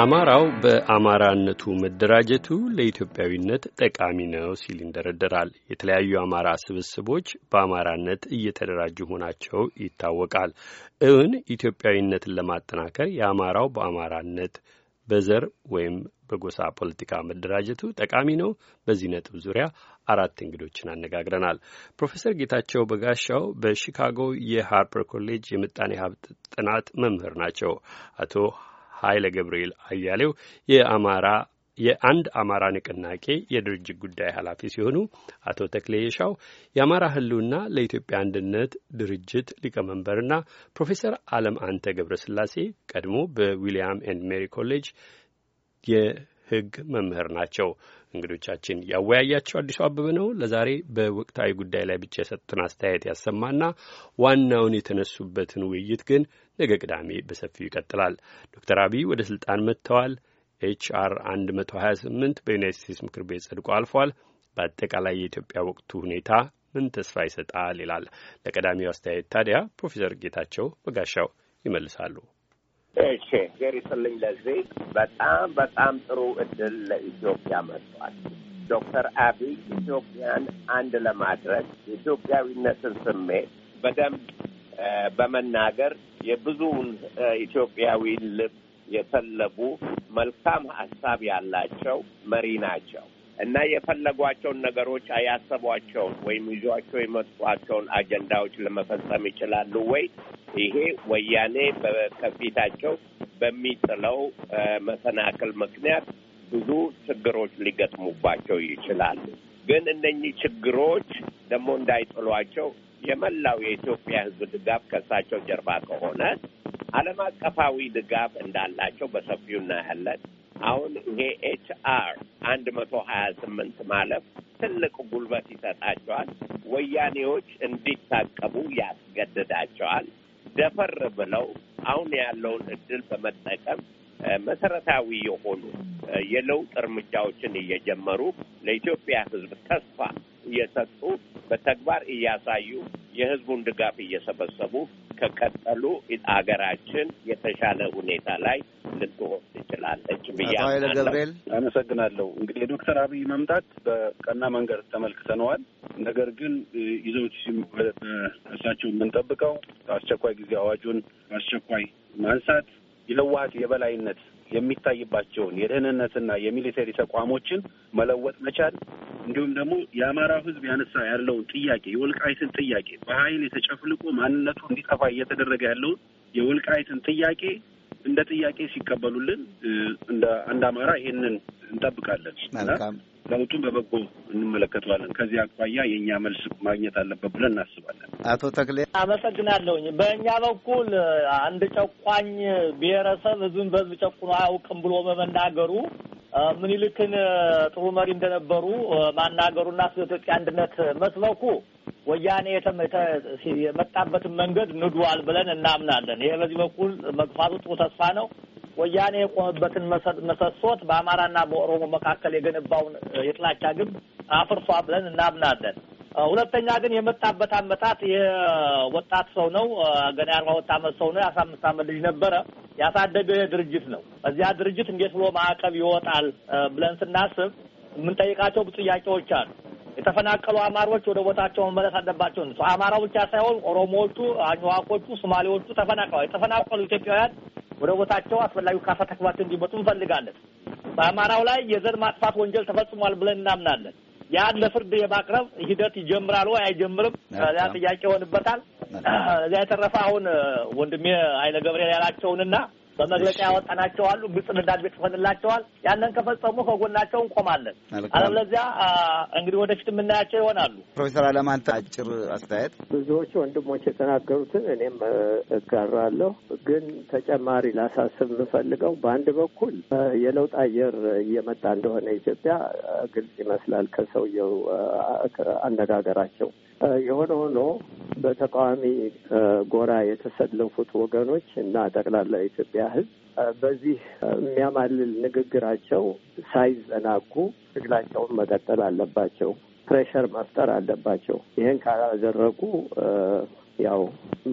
አማራው በአማራነቱ መደራጀቱ ለኢትዮጵያዊነት ጠቃሚ ነው ሲል ይንደረደራል። የተለያዩ አማራ ስብስቦች በአማራነት እየተደራጁ መሆናቸው ይታወቃል። እውን ኢትዮጵያዊነትን ለማጠናከር የአማራው በአማራነት በዘር ወይም በጎሳ ፖለቲካ መደራጀቱ ጠቃሚ ነው። በዚህ ነጥብ ዙሪያ አራት እንግዶችን አነጋግረናል። ፕሮፌሰር ጌታቸው በጋሻው በሺካጎ የሃርፐር ኮሌጅ የምጣኔ ሀብት ጥናት መምህር ናቸው። አቶ ኃይለ ገብርኤል አያሌው የአማራ የአንድ አማራ ንቅናቄ የድርጅት ጉዳይ ኃላፊ ሲሆኑ አቶ ተክሌ የሻው የአማራ ህልውና ለኢትዮጵያ አንድነት ድርጅት ሊቀመንበርና ፕሮፌሰር አለም አንተ ገብረስላሴ ቀድሞ በዊሊያም ኤንድ ሜሪ ኮሌጅ የህግ መምህር ናቸው። እንግዶቻችን ያወያያቸው አዲሱ አበበ ነው። ለዛሬ በወቅታዊ ጉዳይ ላይ ብቻ የሰጡትን አስተያየት ያሰማና ዋናውን የተነሱበትን ውይይት ግን ነገ ቅዳሜ በሰፊው ይቀጥላል። ዶክተር አብይ ወደ ስልጣን መጥተዋል። ኤችአር 128 በዩናይት ስቴትስ ምክር ቤት ጸድቆ አልፏል። በአጠቃላይ የኢትዮጵያ ወቅቱ ሁኔታ ምን ተስፋ ይሰጣል? ይላል። ለቀዳሚው አስተያየት ታዲያ ፕሮፌሰር ጌታቸው በጋሻው ይመልሳሉ። እሺ ገሪ ስልኝ ለዚህ በጣም በጣም ጥሩ እድል ለኢትዮጵያ መጥቷል። ዶክተር አብይ ኢትዮጵያን አንድ ለማድረግ የኢትዮጵያዊነትን ስሜት በደንብ በመናገር የብዙውን ኢትዮጵያዊ ልብ የሰለቡ መልካም ሀሳብ ያላቸው መሪ ናቸው እና የፈለጓቸውን ነገሮች አያሰቧቸውን ወይም ይዟቸው የመጧቸውን አጀንዳዎች ለመፈጸም ይችላሉ ወይ? ይሄ ወያኔ ከፊታቸው በሚጥለው መሰናክል ምክንያት ብዙ ችግሮች ሊገጥሙባቸው ይችላሉ። ግን እነኚህ ችግሮች ደግሞ እንዳይጥሏቸው የመላው የኢትዮጵያ ሕዝብ ድጋፍ ከእሳቸው ጀርባ ከሆነ ዓለም አቀፋዊ ድጋፍ እንዳላቸው በሰፊው እናያለን። አሁን ይሄ ኤች አር አንድ መቶ ሀያ ስምንት ማለፍ ትልቅ ጉልበት ይሰጣቸዋል። ወያኔዎች እንዲታቀቡ ያስገድዳቸዋል። ደፈር ብለው አሁን ያለውን እድል በመጠቀም መሰረታዊ የሆኑ የለውጥ እርምጃዎችን እየጀመሩ ለኢትዮጵያ ሕዝብ ተስፋ እየሰጡ በተግባር እያሳዩ የሕዝቡን ድጋፍ እየሰበሰቡ ከቀጠሉ አገራችን የተሻለ ሁኔታ ላይ ልትሆን ትችላለች ብያለ ገብርኤል አመሰግናለሁ። እንግዲህ የዶክተር አብይ መምጣት በቀና መንገድ ተመልክተነዋል። ነገር ግን ይዘውት እሳቸው የምንጠብቀው አስቸኳይ ጊዜ አዋጁን አስቸኳይ ማንሳት የህወሀት የበላይነት የሚታይባቸውን የደህንነትና የሚሊተሪ ተቋሞችን መለወጥ መቻል እንዲሁም ደግሞ የአማራ ህዝብ ያነሳ ያለውን ጥያቄ የወልቃይትን ጥያቄ በኃይል የተጨፍልቆ ማንነቱ እንዲጠፋ እየተደረገ ያለውን የወልቃይትን ጥያቄ እንደ ጥያቄ ሲቀበሉልን እንደ አንድ አማራ ይሄንን እንጠብቃለን ለውጡን በበጎ እንመለከተዋለን። ከዚህ አኳያ የእኛ መልስ ማግኘት አለበት ብለን እናስባለን። አቶ ተክሌ አመሰግናለሁኝ። በእኛ በኩል አንድ ጨቋኝ ብሔረሰብ ህዝብን በህዝብ ጨቁኖ አያውቅም ብሎ በመናገሩ ምኒልክን ጥሩ መሪ እንደነበሩ ማናገሩና ስለ ኢትዮጵያ አንድነት መስበኩ ወያኔ የመጣበትን መንገድ ንዷል ብለን እናምናለን። ይሄ በዚህ በኩል መግፋቱ ጥሩ ተስፋ ነው። ወያኔ የቆመበትን መሰሶት በአማራና በኦሮሞ መካከል የገነባውን የጥላቻ ግንብ አፍርሷ ብለን እናምናለን። ሁለተኛ ግን የመጣበት አመጣት የወጣት ሰው ነው። ገና የአርባ ሁለት አመት ሰው ነው። የአስራ አምስት አመት ልጅ ነበረ። ያሳደገ ድርጅት ነው። እዚያ ድርጅት እንዴት ብሎ ማዕቀብ ይወጣል ብለን ስናስብ የምንጠይቃቸው ብዙ ጥያቄዎች አሉ። የተፈናቀሉ አማሮች ወደ ቦታቸው መመለስ አለባቸው። አማራ ብቻ ሳይሆን ኦሮሞዎቹ፣ አኝዋቆቹ፣ ሶማሌዎቹ ተፈናቅለዋል። የተፈናቀሉ ኢትዮጵያውያን ወደ ቦታቸው አስፈላጊው ካሳ ተከፍሏቸው እንዲመጡ እንፈልጋለን። በአማራው ላይ የዘር ማጥፋት ወንጀል ተፈጽሟል ብለን እናምናለን። ያን ለፍርድ የማቅረብ ሂደት ይጀምራል ወይ አይጀምርም? ያ ጥያቄ ይሆንበታል። እዚያ የተረፈ አሁን ወንድሜ ኃይለ ገብርኤል ያላቸውንና በመግለጫ ያወጣናቸው አሉ። ግልጽ ደብዳቤ ጽፈንላቸዋል። ያንን ከፈጸሙ ከጎናቸው እንቆማለን። አለበለዚያ እንግዲህ ወደፊት የምናያቸው ይሆናሉ። ፕሮፌሰር አለማንተ አጭር አስተያየት። ብዙዎቹ ወንድሞች የተናገሩትን እኔም እጋራለሁ፣ ግን ተጨማሪ ላሳስብ የምፈልገው በአንድ በኩል የለውጥ አየር እየመጣ እንደሆነ ኢትዮጵያ ግልጽ ይመስላል ከሰውየው አነጋገራቸው የሆነ ሆኖ በተቃዋሚ ጎራ የተሰለፉት ወገኖች እና ጠቅላላ የኢትዮጵያ ሕዝብ በዚህ የሚያማልል ንግግራቸው ሳይዘናጉ ትግላቸውን መቀጠል አለባቸው። ፕሬሸር መፍጠር አለባቸው። ይህን ካላደረጉ ያው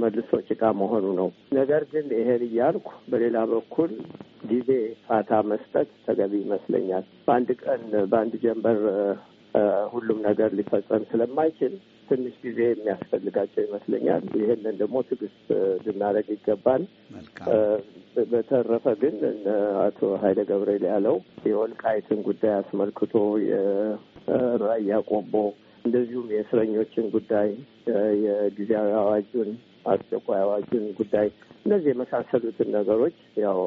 መልሶ ጭቃ መሆኑ ነው። ነገር ግን ይሄን እያልኩ በሌላ በኩል ጊዜ ፋታ መስጠት ተገቢ ይመስለኛል። በአንድ ቀን በአንድ ጀንበር ሁሉም ነገር ሊፈጸም ስለማይችል ትንሽ ጊዜ የሚያስፈልጋቸው ይመስለኛል። ይህንን ደግሞ ትዕግስት ልናደርግ ይገባል። በተረፈ ግን አቶ ኃይለ ገብርኤል ያለው የወልቃይትን ጉዳይ አስመልክቶ የራያ ቆቦ እንደዚሁም የእስረኞችን ጉዳይ የጊዜያዊ አዋጁን አስቸኳይ አዋጁን ጉዳይ እነዚህ የመሳሰሉትን ነገሮች ያው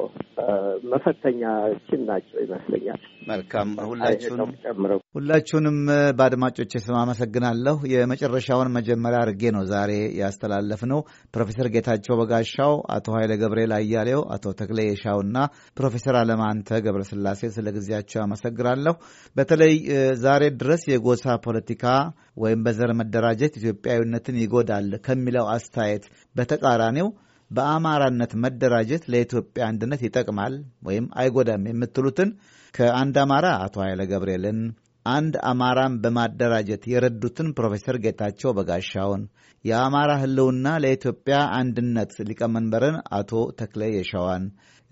መፈተኛችን ናቸው ይመስለኛል። መልካም ሁላችሁንም ጨምረው ሁላችሁንም በአድማጮች ስም አመሰግናለሁ። የመጨረሻውን መጀመሪያ አድርጌ ነው ዛሬ ያስተላለፍ ነው ፕሮፌሰር ጌታቸው በጋሻው፣ አቶ ኃይለ ገብርኤል አያሌው፣ አቶ ተክለ የሻው እና ፕሮፌሰር አለማንተ ገብረስላሴ ስለ ጊዜያቸው አመሰግናለሁ። በተለይ ዛሬ ድረስ የጎሳ ፖለቲካ ወይም በዘር መደራጀት ኢትዮጵያዊነትን ይጎዳል ከሚለው አስተያየት በተቃራኒው በአማራነት መደራጀት ለኢትዮጵያ አንድነት ይጠቅማል ወይም አይጎዳም የምትሉትን ከአንድ አማራ አቶ ኃይለ ገብርኤልን አንድ አማራን በማደራጀት የረዱትን ፕሮፌሰር ጌታቸው በጋሻውን፣ የአማራ ሕልውና ለኢትዮጵያ አንድነት ሊቀመንበርን አቶ ተክለ የሸዋን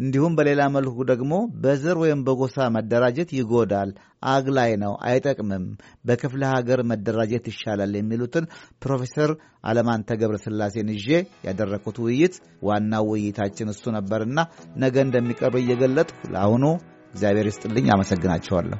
እንዲሁም በሌላ መልኩ ደግሞ በዘር ወይም በጎሳ መደራጀት ይጎዳል፣ አግላይ ነው፣ አይጠቅምም፣ በክፍለ ሀገር መደራጀት ይሻላል የሚሉትን ፕሮፌሰር አለማንተ ስላሴን ይዤ ያደረግኩት ውይይት ዋናው ውይይታችን እሱ ነበርና ነገ እንደሚቀርብ እየገለጥ ለአሁኑ እግዚአብሔር ይስጥልኝ አመሰግናቸዋለሁ።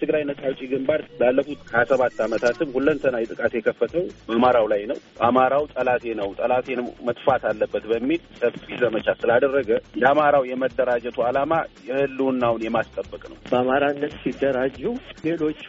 የትግራይ ነጻ አውጪ ግንባር ላለፉት ሀያ ሰባት ዓመታትም ሁለንተናዊ ጥቃት የከፈተው አማራው ላይ ነው። አማራው ጠላቴ ነው፣ ጠላቴን መጥፋት አለበት በሚል ሰፊ ዘመቻ ስላደረገ የአማራው የመደራጀቱ ዓላማ የህልውናውን የማስጠበቅ ነው። በአማራነት ሲደራጁ ሌሎቹ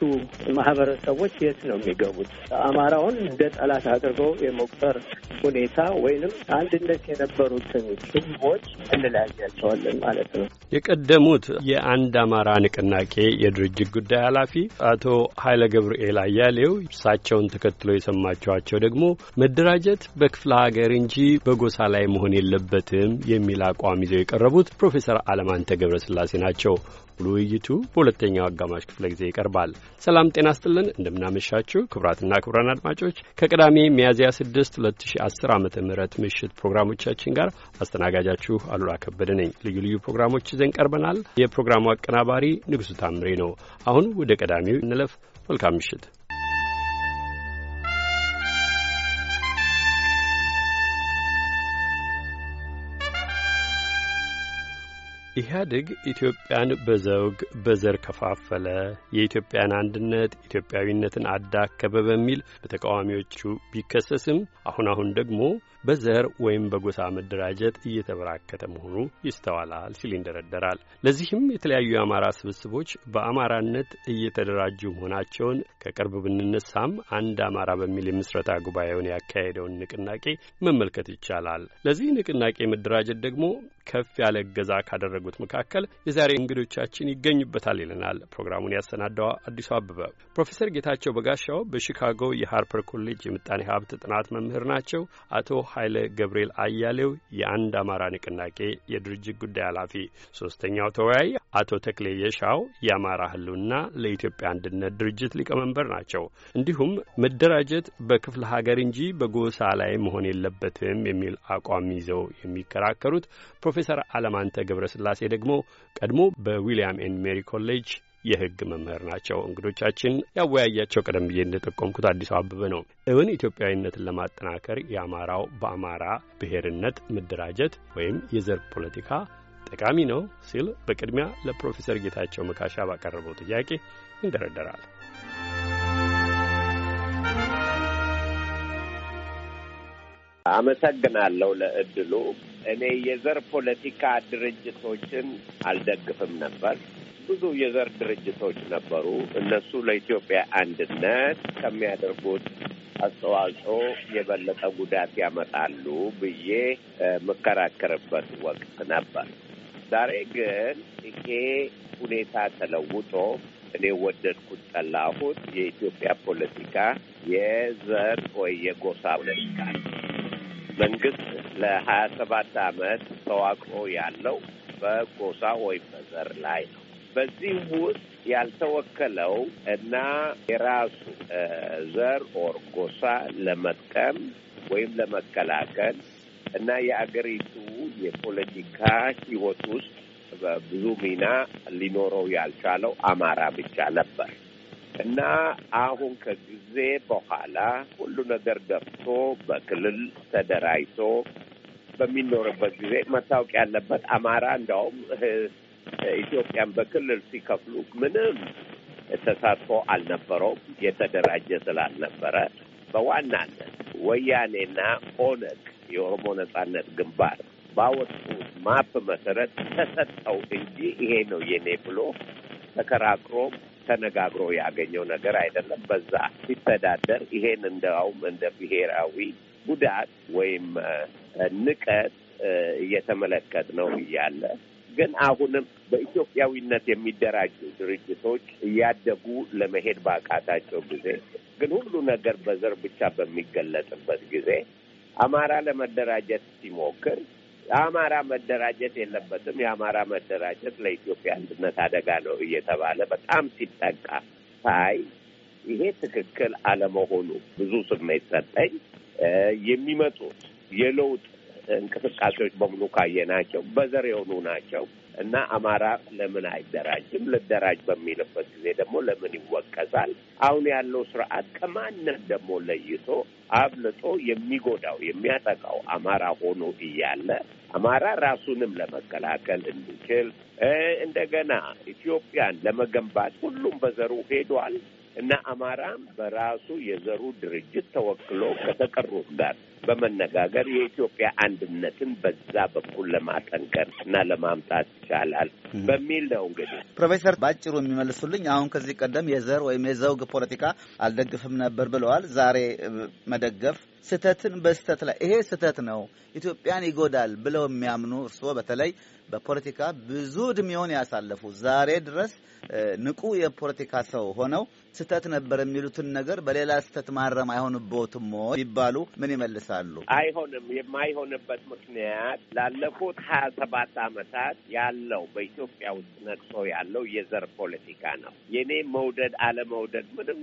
ማህበረሰቦች የት ነው የሚገቡት? አማራውን እንደ ጠላት አድርገው የመቁጠር ሁኔታ ወይንም አንድነት የነበሩትን ህዝቦች እንለያያቸዋለን ማለት ነው። የቀደሙት የአንድ አማራ ንቅናቄ የድርጅት ጉዳይ ጉዳይ ኃላፊ አቶ ኃይለ ገብርኤል አያሌው። እሳቸውን ተከትሎ የሰማችኋቸው ደግሞ መደራጀት በክፍለ ሀገር እንጂ በጎሳ ላይ መሆን የለበትም የሚል አቋም ይዘው የቀረቡት ፕሮፌሰር አለማንተ ገብረስላሴ ናቸው። ሙሉ ውይይቱ በሁለተኛው አጋማሽ ክፍለ ጊዜ ይቀርባል። ሰላም ጤና ስጥልን፣ እንደምናመሻችሁ ክቡራትና ክቡራን አድማጮች ከቅዳሜ ሚያዝያ 6 2010 ዓ ም ምሽት ፕሮግራሞቻችን ጋር አስተናጋጃችሁ አሉላ ከበደ ነኝ። ልዩ ልዩ ፕሮግራሞች ይዘን ቀርበናል። የፕሮግራሙ አቀናባሪ ንጉሱ ታምሬ ነው። አሁን ወደ ቀዳሚው እንለፍ። መልካም ምሽት። ኢህአዴግ ኢትዮጵያን በዘውግ በዘር ከፋፈለ፣ የኢትዮጵያን አንድነት ኢትዮጵያዊነትን አዳከበ በሚል በተቃዋሚዎቹ ቢከሰስም አሁን አሁን ደግሞ በዘር ወይም በጎሳ መደራጀት እየተበራከተ መሆኑ ይስተዋላል ሲል ይንደረደራል። ለዚህም የተለያዩ የአማራ ስብስቦች በአማራነት እየተደራጁ መሆናቸውን ከቅርብ ብንነሳም አንድ አማራ በሚል የምስረታ ጉባኤውን ያካሄደውን ንቅናቄ መመልከት ይቻላል። ለዚህ ንቅናቄ መደራጀት ደግሞ ከፍ ያለ እገዛ ካደረጉት መካከል የዛሬ እንግዶቻችን ይገኙበታል ይለናል ፕሮግራሙን ያሰናዳው አዲሱ አበበ። ፕሮፌሰር ጌታቸው በጋሻው በሺካጎ የሃርፐር ኮሌጅ የምጣኔ ሀብት ጥናት መምህር ናቸው። አቶ ኃይለ ገብርኤል አያሌው የአንድ አማራ ንቅናቄ የድርጅት ጉዳይ ኃላፊ፣ ሶስተኛው ተወያይ አቶ ተክሌ የሻው የአማራ ህልውና ለኢትዮጵያ አንድነት ድርጅት ሊቀመንበር ናቸው። እንዲሁም መደራጀት በክፍለ ሀገር እንጂ በጎሳ ላይ መሆን የለበትም የሚል አቋም ይዘው የሚከራከሩት ፕሮፌሰር አለማንተ ገብረስላሴ ደግሞ ቀድሞ በዊልያም ኤንድ ሜሪ ኮሌጅ የህግ መምህር ናቸው። እንግዶቻችን ያወያያቸው ቀደም ብዬ እንደጠቆምኩት አዲሱ አበበ ነው። እውን ኢትዮጵያዊነትን ለማጠናከር የአማራው በአማራ ብሔርነት መደራጀት ወይም የዘር ፖለቲካ ጠቃሚ ነው ሲል በቅድሚያ ለፕሮፌሰር ጌታቸው መካሻ ባቀረበው ጥያቄ ይንደረደራል። አመሰግናለሁ ለእድሉ። እኔ የዘር ፖለቲካ ድርጅቶችን አልደግፍም ነበር ብዙ የዘር ድርጅቶች ነበሩ። እነሱ ለኢትዮጵያ አንድነት ከሚያደርጉት አስተዋጽኦ የበለጠ ጉዳት ያመጣሉ ብዬ የምከራከርበት ወቅት ነበር። ዛሬ ግን ይሄ ሁኔታ ተለውጦ እኔ ወደድኩት ጠላሁት፣ የኢትዮጵያ ፖለቲካ የዘር ወይ የጎሳ ፖለቲካ መንግስት ለሀያ ሰባት አመት ተዋቅሮ ያለው በጎሳ ወይም በዘር ላይ ነው። በዚህም ውስጥ ያልተወከለው እና የራሱ ዘር ኦር ጎሳ ለመጥቀም ወይም ለመከላከል እና የአገሪቱ የፖለቲካ ሕይወት ውስጥ ብዙ ሚና ሊኖረው ያልቻለው አማራ ብቻ ነበር እና አሁን ከጊዜ በኋላ ሁሉ ነገር ገብቶ በክልል ተደራጅቶ በሚኖርበት ጊዜ መታወቅ ያለበት አማራ እንዲያውም ኢትዮጵያን በክልል ሲከፍሉ ምንም ተሳትፎ አልነበረውም። የተደራጀ ስላልነበረ በዋናነት ወያኔና ኦነግ የኦሮሞ ነጻነት ግንባር ባወጡ ማፕ መሰረት ተሰጠው እንጂ ይሄ ነው የኔ ብሎ ተከራክሮ ተነጋግሮ ያገኘው ነገር አይደለም። በዛ ሲተዳደር ይሄን እንደውም እንደ ብሔራዊ ጉዳት ወይም ንቀት እየተመለከት ነው እያለ ግን አሁንም በኢትዮጵያዊነት የሚደራጁ ድርጅቶች እያደጉ ለመሄድ ባቃታቸው ጊዜ ግን ሁሉ ነገር በዘር ብቻ በሚገለጥበት ጊዜ አማራ ለመደራጀት ሲሞክር የአማራ መደራጀት የለበትም፣ የአማራ መደራጀት ለኢትዮጵያ አንድነት አደጋ ነው እየተባለ በጣም ሲጠቃ ሳይ ይሄ ትክክል አለመሆኑ ብዙ ስሜት ሰጠኝ። የሚመጡት የለውጥ እንቅስቃሴዎች በሙሉ ካየናቸው በዘር የሆኑ ናቸው እና አማራ ለምን አይደራጅም? ልደራጅ በሚልበት ጊዜ ደግሞ ለምን ይወቀሳል? አሁን ያለው ስርዓት ከማንም ደግሞ ለይቶ አብልጦ የሚጎዳው የሚያጠቃው አማራ ሆኖ እያለ አማራ ራሱንም ለመከላከል እንዲችል እንደገና ኢትዮጵያን ለመገንባት ሁሉም በዘሩ ሄዷል። እና አማራም በራሱ የዘሩ ድርጅት ተወክሎ ከተቀሩት ጋር በመነጋገር የኢትዮጵያ አንድነትን በዛ በኩል ለማጠንከር እና ለማምጣት ይቻላል በሚል ነው። እንግዲህ ፕሮፌሰር ባጭሩ የሚመልሱልኝ አሁን ከዚህ ቀደም የዘር ወይም የዘውግ ፖለቲካ አልደግፍም ነበር ብለዋል። ዛሬ መደገፍ ስተትን በስተት ላይ ይሄ ስተት ነው ኢትዮጵያን ይጎዳል ብለው የሚያምኑ እርስዎ በተለይ በፖለቲካ ብዙ እድሜውን ያሳለፉ ዛሬ ድረስ ንቁ የፖለቲካ ሰው ሆነው ስተት ነበር የሚሉትን ነገር በሌላ ስተት ማረም አይሆንቦትም ይባሉ ምን ይመልሳሉ? አይሆንም። የማይሆንበት ምክንያት ላለፉት ሀያ ሰባት አመታት ያለው በኢትዮጵያ ውስጥ ነቅሶ ያለው የዘር ፖለቲካ ነው። የኔ መውደድ አለመውደድ ምንም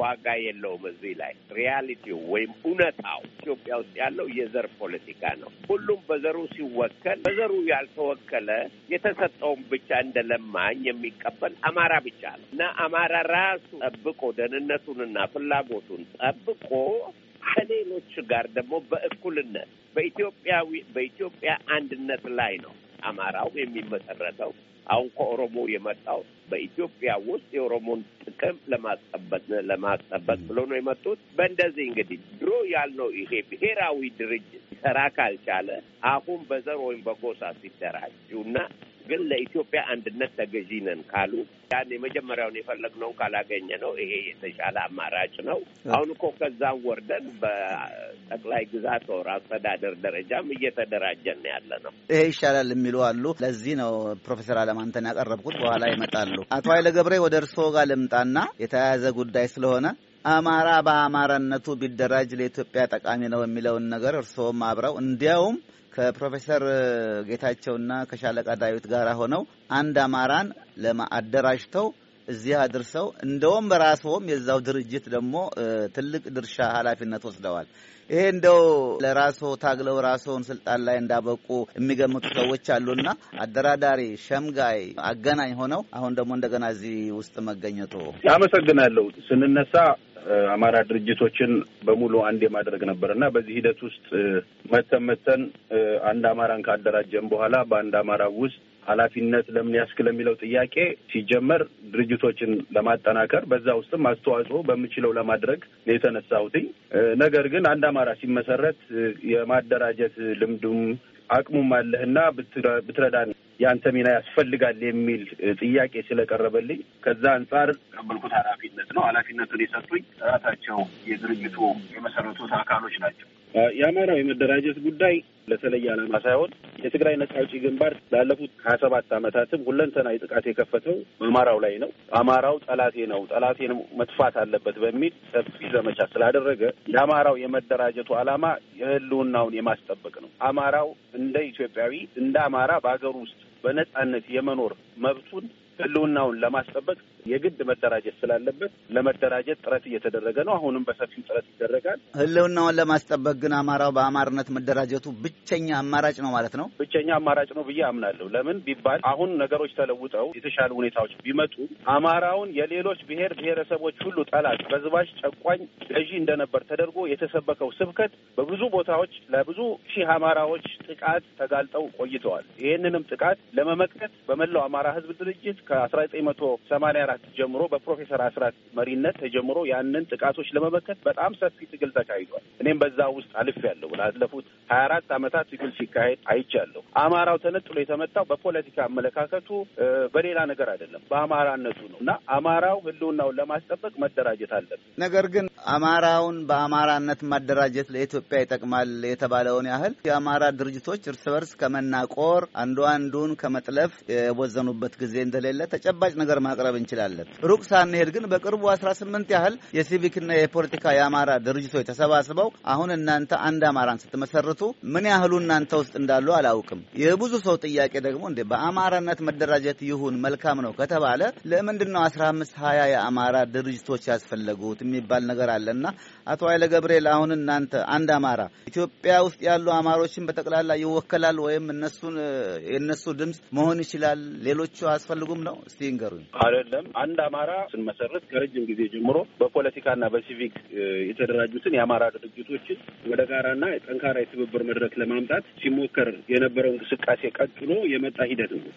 ዋጋ የለውም። እዚህ ላይ ሪያሊቲው ወይም እውነት ኢትዮጵያ ውስጥ ያለው የዘር ፖለቲካ ነው። ሁሉም በዘሩ ሲወከል፣ በዘሩ ያልተወከለ የተሰጠውን ብቻ እንደ ለማኝ የሚቀበል አማራ ብቻ ነው እና አማራ ራሱ ጠብቆ ደህንነቱንና ፍላጎቱን ጠብቆ ከሌሎች ጋር ደግሞ በእኩልነት በኢትዮጵያዊ በኢትዮጵያ አንድነት ላይ ነው አማራው የሚመሰረተው አሁን ከኦሮሞ የመጣው በኢትዮጵያ ውስጥ የኦሮሞን ጥቅም ለማስጠበቅ ለማስጠበቅ ብሎ ነው የመጡት። በእንደዚህ እንግዲህ ድሮ ያልነው ይሄ ብሔራዊ ድርጅት ሰራ ካልቻለ አሁን በዘር ወይም በጎሳ ሲደራጁ እና ግን ለኢትዮጵያ አንድነት ተገዢ ነን ካሉ ያን የመጀመሪያውን የፈለግነውን ካላገኘ ነው ይሄ የተሻለ አማራጭ ነው። አሁን እኮ ከዛም ወርደን በጠቅላይ ግዛት ወር አስተዳደር ደረጃም እየተደራጀን ያለ ነው። ይሄ ይሻላል የሚሉ አሉ። ለዚህ ነው ፕሮፌሰር አለማንተን ያቀረብኩት። በኋላ ይመጣሉ። አቶ ኃይለ ገብሬ ወደ እርስዎ ጋር ልምጣና የተያያዘ ጉዳይ ስለሆነ አማራ በአማራነቱ ቢደራጅ ለኢትዮጵያ ጠቃሚ ነው የሚለውን ነገር እርስዎም አብረው እንዲያውም ከፕሮፌሰር ጌታቸውና ከሻለቃ ዳዊት ጋር ሆነው አንድ አማራን ለማአደራጅተው እዚህ አድርሰው እንደውም በራስዎም የዛው ድርጅት ደግሞ ትልቅ ድርሻ ኃላፊነት ወስደዋል። ይሄ እንደው ለራስዎ ታግለው ራስዎን ስልጣን ላይ እንዳበቁ የሚገምቱ ሰዎች አሉና አደራዳሪ፣ ሸምጋይ፣ አገናኝ ሆነው አሁን ደግሞ እንደገና እዚህ ውስጥ መገኘቱ አመሰግናለሁ። ስንነሳ አማራ ድርጅቶችን በሙሉ አንድ የማድረግ ነበር እና በዚህ ሂደት ውስጥ መተን መተን አንድ አማራን ካደራጀን በኋላ በአንድ አማራ ውስጥ ኃላፊነት ለምን ያስክ ለሚለው ጥያቄ ሲጀመር ድርጅቶችን ለማጠናከር በዛ ውስጥም አስተዋጽኦ በምችለው ለማድረግ የተነሳሁትኝ። ነገር ግን አንድ አማራ ሲመሰረት የማደራጀት ልምዱም አቅሙም አለህና ብትረዳን የአንተ ሚና ያስፈልጋል የሚል ጥያቄ ስለቀረበልኝ ከዛ አንጻር ቀበልኩት ኃላፊነት ነው። ኃላፊነቱን የሰጡኝ ራሳቸው የድርጅቱ የመሰረቱት አካሎች ናቸው። የአማራው የመደራጀት ጉዳይ ለተለየ ዓላማ ሳይሆን የትግራይ ነጻ አውጪ ግንባር ላለፉት ሀያ ሰባት ዓመታትም ሁለንተናዊ ጥቃት የከፈተው በአማራው ላይ ነው። አማራው ጠላቴ ነው፣ ጠላቴን መጥፋት አለበት በሚል ሰፊ ዘመቻ ስላደረገ የአማራው የመደራጀቱ ዓላማ የህልውናውን የማስጠበቅ ነው። አማራው እንደ ኢትዮጵያዊ እንደ አማራ በሀገር ውስጥ በነጻነት የመኖር መብቱን ህልውናውን ለማስጠበቅ የግድ መደራጀት ስላለበት ለመደራጀት ጥረት እየተደረገ ነው። አሁንም በሰፊው ጥረት ይደረጋል። ህልውናውን ለማስጠበቅ ግን አማራው በአማርነት መደራጀቱ ብቸኛ አማራጭ ነው ማለት ነው። ብቸኛ አማራጭ ነው ብዬ አምናለሁ። ለምን ቢባል አሁን ነገሮች ተለውጠው የተሻሉ ሁኔታዎች ቢመጡ አማራውን የሌሎች ብሔር ብሔረሰቦች ሁሉ ጠላት፣ በዝባዥ፣ ጨቋኝ፣ ገዢ እንደነበር ተደርጎ የተሰበከው ስብከት በብዙ ቦታዎች ለብዙ ሺህ አማራዎች ጥቃት ተጋልጠው ቆይተዋል። ይህንንም ጥቃት ለመመከት በመላው አማራ ህዝብ ድርጅት ከአስራ ዘጠኝ መቶ ሰማኒያ አስራት ጀምሮ በፕሮፌሰር አስራት መሪነት ተጀምሮ ያንን ጥቃቶች ለመመከት በጣም ሰፊ ትግል ተካሂዷል። እኔም በዛ ውስጥ አልፍ ያለው ላለፉት ሀያ አራት ዓመታት ትግል ሲካሄድ አይቻለሁ። አማራው ተነጥሎ የተመታው በፖለቲካ አመለካከቱ በሌላ ነገር አይደለም፣ በአማራነቱ ነው እና አማራው ህልውናውን ለማስጠበቅ መደራጀት አለብን። ነገር ግን አማራውን በአማራነት ማደራጀት ለኢትዮጵያ ይጠቅማል የተባለውን ያህል የአማራ ድርጅቶች እርስ በርስ ከመናቆር አንዱ አንዱን ከመጥለፍ የወዘኑበት ጊዜ እንደሌለ ተጨባጭ ነገር ማቅረብ እንችላል። እንችላለን። ሩቅ ሳንሄድ ግን በቅርቡ 18 ያህል የሲቪክና የፖለቲካ የአማራ ድርጅቶች ተሰባስበው አሁን እናንተ አንድ አማራን ስትመሰርቱ ምን ያህሉ እናንተ ውስጥ እንዳሉ አላውቅም። የብዙ ሰው ጥያቄ ደግሞ እንደ በአማራነት መደራጀት ይሁን መልካም ነው ከተባለ ለምንድን ነው 15 20 የአማራ ድርጅቶች ያስፈለጉት የሚባል ነገር አለና አቶ ኃይለ ገብርኤል፣ አሁን እናንተ አንድ አማራ ኢትዮጵያ ውስጥ ያሉ አማሮችን በጠቅላላ ይወከላል ወይም እነሱን የእነሱ ድምፅ መሆን ይችላል? ሌሎቹ አስፈልጉም ነው? እስቲ ይንገሩኝ። አይደለም አንድ አማራ ስንመሰረት ከረጅም ጊዜ ጀምሮ በፖለቲካና በሲቪክ የተደራጁትን የአማራ ድርጅቶችን ወደ ጋራና ጠንካራ የትብብር መድረክ ለማምጣት ሲሞከር የነበረው እንቅስቃሴ ቀጥሎ የመጣ ሂደት ነው።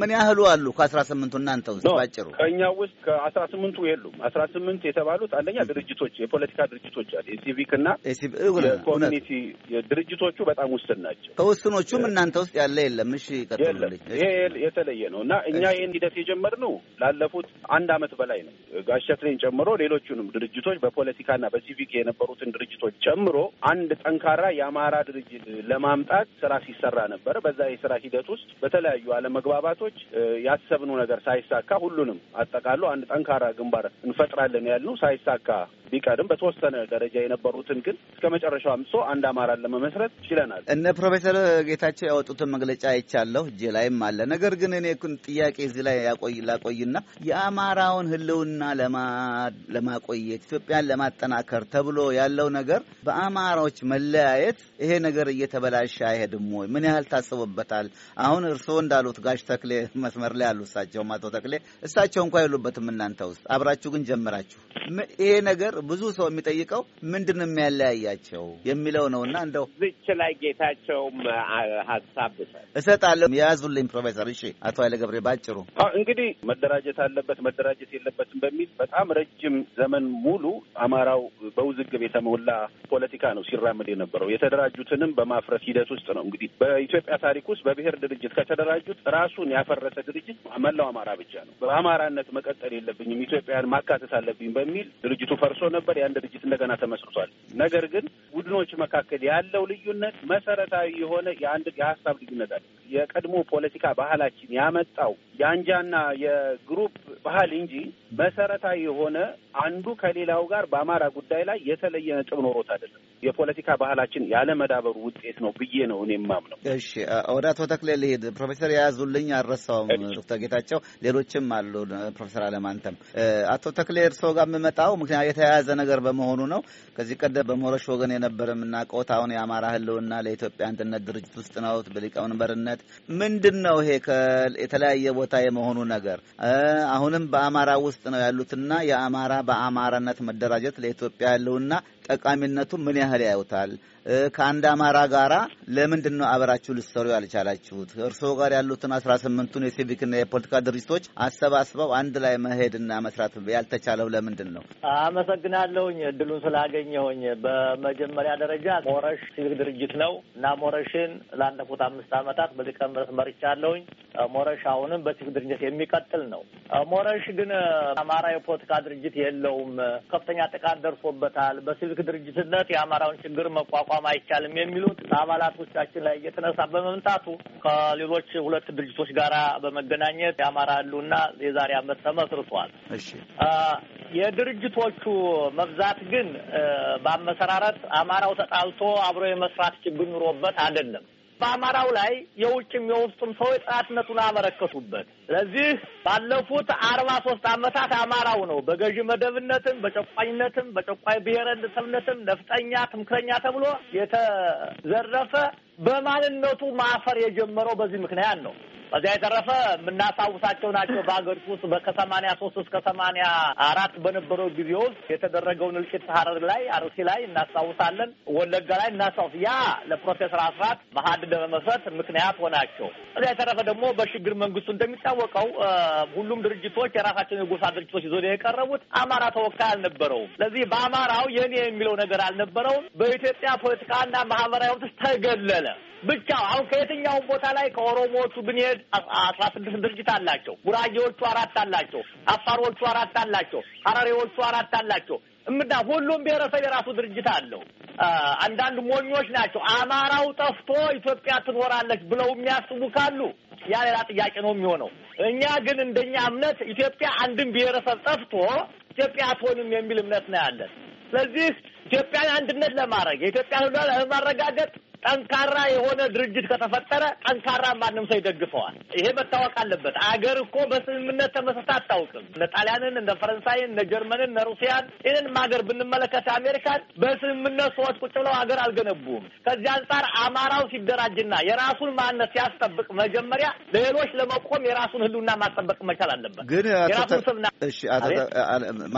ምን ያህሉ አሉ? ከአስራ ስምንቱ እናንተ ውስጥ ባጭሩ። ከእኛ ውስጥ ከአስራ ስምንቱ የሉም። አስራ ስምንት የተባሉት አንደኛ ድርጅቶች የፖለቲካ ድርጅቶች ድርጅቶች አሉ። የሲቪክ እና የኮሚኒቲ ድርጅቶቹ በጣም ውስን ናቸው። ከውስኖቹም እናንተ ውስጥ ያለ የለም። እሺ፣ ቀጥሉልኝ። ይሄ የተለየ ነው እና እኛ ይህን ሂደት የጀመርነው ላለፉት አንድ አመት በላይ ነው። ጋሸትሬን ጨምሮ ሌሎቹንም ድርጅቶች በፖለቲካና በሲቪክ የነበሩትን ድርጅቶች ጨምሮ አንድ ጠንካራ የአማራ ድርጅት ለማምጣት ስራ ሲሰራ ነበረ። በዛ የስራ ሂደት ውስጥ በተለያዩ አለመግባባቶች ያሰብነው ነገር ሳይሳካ ሁሉንም አጠቃሉ አንድ ጠንካራ ግንባር እንፈጥራለን ያልነው ሳይሳካ ቢቀድም በተወሰነ ደረጃ የነበሩትን ግን እስከ መጨረሻው አምሶ አንድ አማራን ለመመስረት ችለናል። እነ ፕሮፌሰር ጌታቸው ያወጡትን መግለጫ አይቻለሁ፣ እጄ ላይም አለ። ነገር ግን እኔ ኩን ጥያቄ እዚህ ላይ ያቆይ ላቆይና የአማራውን ህልውና ለማቆየት ኢትዮጵያን ለማጠናከር ተብሎ ያለው ነገር በአማራዎች መለያየት ይሄ ነገር እየተበላሸ አይሄድም ወይ? ምን ያህል ታስቦበታል? አሁን እርስዎ እንዳሉት ጋሽ ተክሌ መስመር ላይ አሉ። እሳቸውም አቶ ተክሌ እሳቸው እንኳ የሉበትም እናንተ ውስጥ አብራችሁ ግን ጀምራችሁ ይሄ ነገር ብዙ ሰው የሚጠይቀው ምንድን ነው የሚያለያያቸው የሚለው ነው። እና እንደው ዝች ላይ ጌታቸውም ሀሳብ እሰጣለሁ የያዙልኝ ፕሮፌሰር። እሺ አቶ ኃይለ ገብሬ ባጭሩ እንግዲህ መደራጀት አለበት መደራጀት የለበትም በሚል በጣም ረጅም ዘመን ሙሉ አማራው በውዝግብ የተሞላ ፖለቲካ ነው ሲራመድ የነበረው። የተደራጁትንም በማፍረስ ሂደት ውስጥ ነው እንግዲህ በኢትዮጵያ ታሪክ ውስጥ በብሔር ድርጅት ከተደራጁት ራሱን ያፈረሰ ድርጅት መላው አማራ ብቻ ነው። በአማራነት መቀጠል የለብኝም ኢትዮጵያን ማካተት አለብኝ በሚል ድርጅቱ ፈርሶ ተመስርቶ ነበር። ያን ድርጅት እንደገና ተመስርቷል። ነገር ግን ቡድኖች መካከል ያለው ልዩነት መሰረታዊ የሆነ የአንድ የሀሳብ ልዩነት አለ። የቀድሞ ፖለቲካ ባህላችን ያመጣው የአንጃና የግሩፕ ባህል እንጂ መሰረታዊ የሆነ አንዱ ከሌላው ጋር በአማራ ጉዳይ ላይ የተለየ ነጥብ ኖሮት አይደለም። የፖለቲካ ባህላችን ያለመዳበሩ ውጤት ነው ብዬ ነው እኔ የማምነው። እሺ ወደ አቶ ተክሌ ልሂድ። ፕሮፌሰር የያዙልኝ አልረሳውም፣ ዶክተር ጌታቸው ሌሎችም አሉ፣ ፕሮፌሰር አለማንተም አቶ ተክሌ እርስዎ ጋር የምመጣው ምክንያት የተያ የተያያዘ ነገር በመሆኑ ነው። ከዚህ ቀደም በሞረሽ ወገን የነበረ የምናውቀውት አሁን የአማራ ሕልውና ለኢትዮጵያ አንድነት ድርጅት ውስጥ ነው በሊቀመንበርነት። ምንድን ነው ይሄ የተለያየ ቦታ የመሆኑ ነገር? አሁንም በአማራ ውስጥ ነው ያሉትና የአማራ በአማራነት መደራጀት ለኢትዮጵያ ሕልውና ጠቃሚነቱ ምን ያህል ያዩታል? ከአንድ አማራ ጋራ ለምንድን ነው አበራችሁ ልትሰሩ ያልቻላችሁት? እርስዎ ጋር ያሉትን አስራ ስምንቱን የሲቪክና የፖለቲካ ድርጅቶች አሰባስበው አንድ ላይ መሄድና መስራት ያልተቻለው ለምንድን ነው? አመሰግናለሁኝ እድሉን ስላገኘሁኝ። በመጀመሪያ ደረጃ ሞረሽ ሲቪክ ድርጅት ነው እና ሞረሽን ላለፉት አምስት ዓመታት በሊቀመንበርነት መርቻለሁኝ። ሞረሽ አሁንም በሲቪክ ድርጅት የሚቀጥል ነው። ሞረሽ ግን አማራ የፖለቲካ ድርጅት የለውም። ከፍተኛ ጥቃት ደርሶበታል። በሲቪክ የሽርክ ድርጅትነት የአማራውን ችግር መቋቋም አይቻልም የሚሉት አባላቶቻችን ላይ እየተነሳ በመምጣቱ ከሌሎች ሁለት ድርጅቶች ጋር በመገናኘት የአማራ ህልውና የዛሬ አመት ተመስርቷል። የድርጅቶቹ መብዛት ግን በአመሰራረት አማራው ተጣልቶ አብሮ የመስራት ችግር ኑሮበት አይደለም። በአማራው ላይ የውጭም የውስጡም ሰው ጸሐፊነቱን አበረከቱበት። ስለዚህ ባለፉት አርባ ሶስት አመታት አማራው ነው በገዢ መደብነትም በጨቋኝነትም በጨቋኝ ብሔረሰብነትም ነፍጠኛ፣ ትምክረኛ ተብሎ የተዘረፈ በማንነቱ ማፈር የጀመረው በዚህ ምክንያት ነው። ከዚያ የተረፈ የምናስታውሳቸው ናቸው። በሀገሪቱ ውስጥ ከሰማኒያ ሶስት እስከ ሰማኒያ አራት በነበረው ጊዜ ውስጥ የተደረገውን እልቂት ሀረር ላይ አርሲ ላይ እናስታውሳለን። ወለጋ ላይ እናስታውስ። ያ ለፕሮፌሰር አስራት መሀድ ለመመስረት ምክንያት ሆናቸው። ከዚያ የተረፈ ደግሞ በሽግግር መንግስቱ እንደሚታወቀው ሁሉም ድርጅቶች የራሳቸውን የጎሳ ድርጅቶች ይዞ የቀረቡት አማራ ተወካይ አልነበረውም። ስለዚህ በአማራው የኔ የሚለው ነገር አልነበረውም። በኢትዮጵያ ፖለቲካና ማህበራዊ ውስጥ ተገለለ። ብቻ አሁን ከየትኛውም ቦታ ላይ ከኦሮሞዎቹ ብንሄድ አስራ ስድስት ድርጅት አላቸው። ጉራጌዎቹ አራት አላቸው። አፋሮቹ አራት አላቸው። ሀረሬዎቹ አራት አላቸው። እምና ሁሉም ብሔረሰብ የራሱ ድርጅት አለው። አንዳንድ ሞኞች ናቸው። አማራው ጠፍቶ ኢትዮጵያ ትኖራለች ብለው የሚያስቡ ካሉ ያ ሌላ ጥያቄ ነው የሚሆነው። እኛ ግን እንደኛ እምነት ኢትዮጵያ አንድም ብሔረሰብ ጠፍቶ ኢትዮጵያ አትሆንም የሚል እምነት ነው ያለን። ስለዚህ ኢትዮጵያን አንድነት ለማድረግ የኢትዮጵያን ለማረጋገጥ ጠንካራ የሆነ ድርጅት ከተፈጠረ ጠንካራ ማንም ሰው ይደግፈዋል። ይሄ መታወቅ አለበት። አገር እኮ በስምምነት ተመስርታ አታውቅም። እነ ጣሊያንን፣ እነ ፈረንሳይን፣ እነ ጀርመንን፣ እነ ሩሲያን ይህንን ሀገር ብንመለከት አሜሪካን በስምምነት ሰዎች ቁጭ ብለው ሀገር አልገነቡም። ከዚህ አንጻር አማራው ሲደራጅና የራሱን ማንነት ሲያስጠብቅ መጀመሪያ ሌሎች ለመቆም የራሱን ሕልውና ማስጠበቅ መቻል አለበት። ግን የራሱን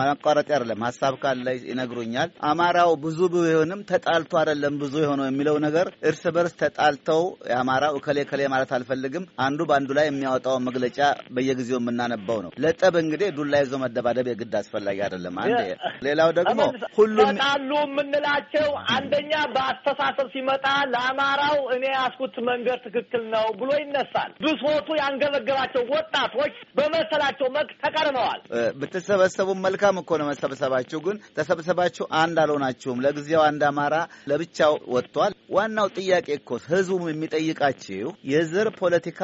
ማቋረጥ አይደለም ሀሳብ ካለ ይነግሩኛል። አማራው ብዙ ቢሆንም ተጣልቶ አይደለም ብዙ የሆነው የሚለው ነገር እርስ በርስ ተጣልተው የአማራው እከሌ እከሌ ማለት አልፈልግም፣ አንዱ በአንዱ ላይ የሚያወጣውን መግለጫ በየጊዜው የምናነባው ነው። ለጠብ እንግዲህ ዱላ ይዞ መደባደብ የግድ አስፈላጊ አይደለም። አንድ ሌላው ደግሞ ሁሉም ተጣሉ የምንላቸው አንደኛ በአስተሳሰብ ሲመጣ ለአማራው እኔ ያስኩት መንገድ ትክክል ነው ብሎ ይነሳል። ብሶቱ ያንገበገባቸው ወጣቶች በመሰላቸው መክ ተቀርበዋል። ብትሰበሰቡም መልካም እኮ ነው መሰብሰባችሁ። ግን ተሰብሰባችሁ አንድ አልሆናችሁም። ለጊዜው አንድ አማራ ለብቻው ወጥቷል። ዋና ዋናው ጥያቄ እኮ ህዝቡም የሚጠይቃችሁ የዘር ፖለቲካ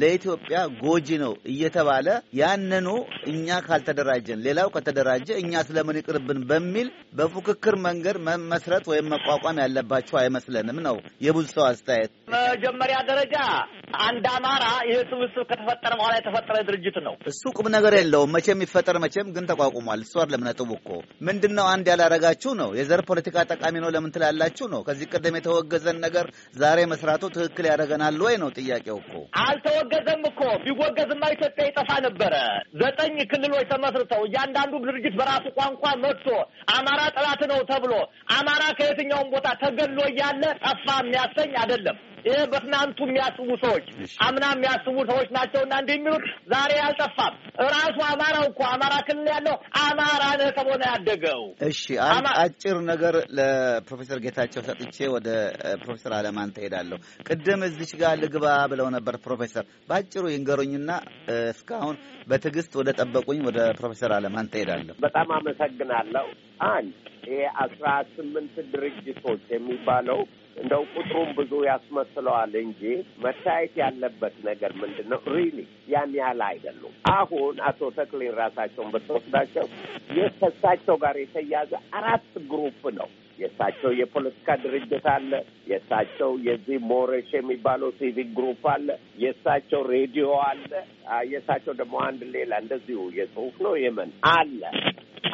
ለኢትዮጵያ ጎጂ ነው እየተባለ ያንኑ እኛ ካልተደራጀን ሌላው ከተደራጀ እኛ ስለምን ይቅርብን በሚል በፉክክር መንገድ መመስረት ወይም መቋቋም ያለባቸው አይመስለንም ነው የብዙ ሰው አስተያየት። መጀመሪያ ደረጃ አንድ አማራ ይህ ስብስብ ከተፈጠረ በኋላ የተፈጠረ ድርጅት ነው። እሱ ቁም ነገር የለውም። መቼም ይፈጠር መቼም ግን ተቋቁሟል። እሷ ለምነጥቡ እኮ ምንድን ነው አንድ ያላረጋችሁ ነው የዘር ፖለቲካ ጠቃሚ ነው ለምን ትላላችሁ ነው ከዚህ ቀደም የተወገዘ የሚያወግዘን ነገር ዛሬ መስራቱ ትክክል ያደርገናል ወይ ነው ጥያቄው እኮ። አልተወገዘም እኮ ቢወገዝማ ኢትዮጵያ ይጠፋ ነበረ። ዘጠኝ ክልሎች ተመስርተው እያንዳንዱ ድርጅት በራሱ ቋንቋ መጥቶ አማራ ጠላት ነው ተብሎ አማራ ከየትኛውም ቦታ ተገሎ እያለ ጠፋ የሚያሰኝ አይደለም። ይህ በትናንቱ የሚያስቡ ሰዎች አምና የሚያስቡ ሰዎች ናቸው እና እንዲህ የሚሉት ዛሬ አልጠፋም። ራሱ አማራው እኮ አማራ ክልል ያለው አማራ ነህ ተብሎ ነው ያደገው። እሺ አጭር ነገር ለፕሮፌሰር ጌታቸው ሰጥቼ ወደ ፕሮፌሰር አለማን ትሄዳለሁ። ቅድም እዚች ጋር ልግባ ብለው ነበር ፕሮፌሰር፣ በአጭሩ ይንገሩኝና እስካሁን በትዕግስት ወደ ጠበቁኝ ወደ ፕሮፌሰር አለማን ትሄዳለሁ። በጣም አመሰግናለሁ። አንድ ይሄ አስራ ስምንት ድርጅቶች የሚባለው እንደው ቁጥሩም ብዙ ያስመስለዋል እንጂ መታየት ያለበት ነገር ምንድን ነው? ሪሊ ያን ያህል አይደሉም። አሁን አቶ ተክሊን ራሳቸውን ብትወስዳቸው ከእሳቸው ጋር የተያዘ አራት ግሩፕ ነው። የእሳቸው የፖለቲካ ድርጅት አለ፣ የእሳቸው የዚህ ሞሬሽ የሚባለው ሲቪክ ግሩፕ አለ፣ የእሳቸው ሬዲዮ አለ፣ የእሳቸው ደግሞ አንድ ሌላ እንደዚሁ የጽሁፍ ነው የመን አለ።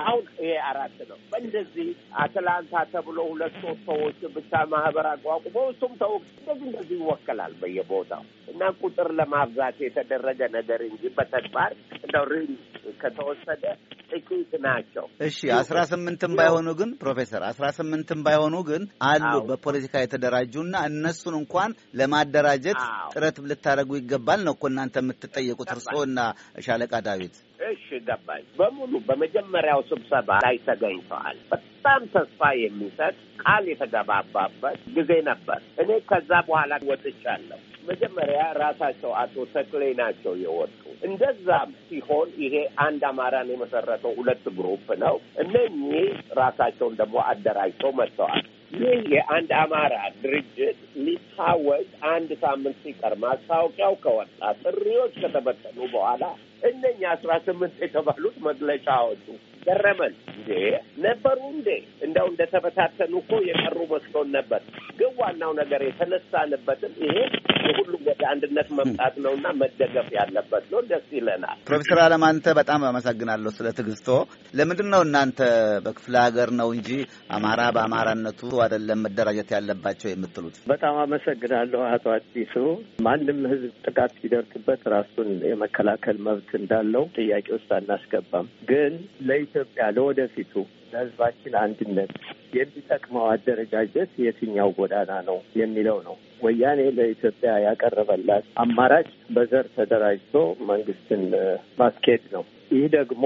አሁን ይሄ አራት ነው። እንደዚህ አትላንታ ተብሎ ሁለት ሶስት ሰዎች ብቻ ማህበር አቋቁሞ እሱም ተው እንደዚህ እንደዚህ ይወከላል በየቦታው እና ቁጥር ለማብዛት የተደረገ ነገር እንጂ በተግባር እንደው ሪል ከተወሰደ ጥቂት ናቸው። እሺ አስራ ስምንትም ባይሆኑ ግን ፕሮፌሰር አስራ ስምንትም ባይሆኑ ግን አሉ በፖለቲካ የተደ እንዲደራጁና እነሱን እንኳን ለማደራጀት ጥረት ልታደርጉ ይገባል ነው እኮ እናንተ የምትጠየቁት እና ሻለቃ ዳዊት። እሺ ገባኝ። በሙሉ በመጀመሪያው ስብሰባ ላይ ተገኝተዋል። በጣም ተስፋ የሚሰጥ ቃል የተገባባበት ጊዜ ነበር። እኔ ከዛ በኋላ ወጥቻለሁ። መጀመሪያ ራሳቸው አቶ ተክሌ ናቸው የወጡ። እንደዛም ሲሆን ይሄ አንድ አማራን የመሰረተው ሁለት ግሩፕ ነው። እነኚህ ራሳቸውን ደግሞ አደራጅተው መጥተዋል። ይህ የአንድ አማራ ድርጅት ሊታወጅ አንድ ሳምንት ሲቀር ማስታወቂያው ከወጣ ጥሪዎች ከተበተኑ በኋላ እነኛ አስራ ስምንት የተባሉት መግለጫ አወጡ። ገረመን። እንዴ ነበሩ እንዴ እንደው እንደተበታተኑ እኮ የቀሩ መስሎን ነበር። ግን ዋናው ነገር የተነሳንበትም ይሄ የሁሉም ወደ አንድነት መምጣት ነውና መደገፍ ያለበት ነው። ደስ ይለናል። ፕሮፌሰር አለም አንተ በጣም አመሰግናለሁ ስለ ትግስቶ። ለምንድን ነው እናንተ በክፍለ ሀገር ነው እንጂ አማራ በአማራነቱ አይደለም መደራጀት ያለባቸው የምትሉት? በጣም አመሰግናለሁ አቶ አዲሱ። ማንም ህዝብ ጥቃት ሲደርስበት ራሱን የመከላከል መብት እንዳለው ጥያቄ ውስጥ አናስገባም። ግን ለይ ኢትዮጵያ ለወደፊቱ ለህዝባችን አንድነት የሚጠቅመው አደረጃጀት የትኛው ጎዳና ነው የሚለው ነው። ወያኔ ለኢትዮጵያ ያቀረበላት አማራጭ በዘር ተደራጅቶ መንግስትን ማስኬድ ነው። ይህ ደግሞ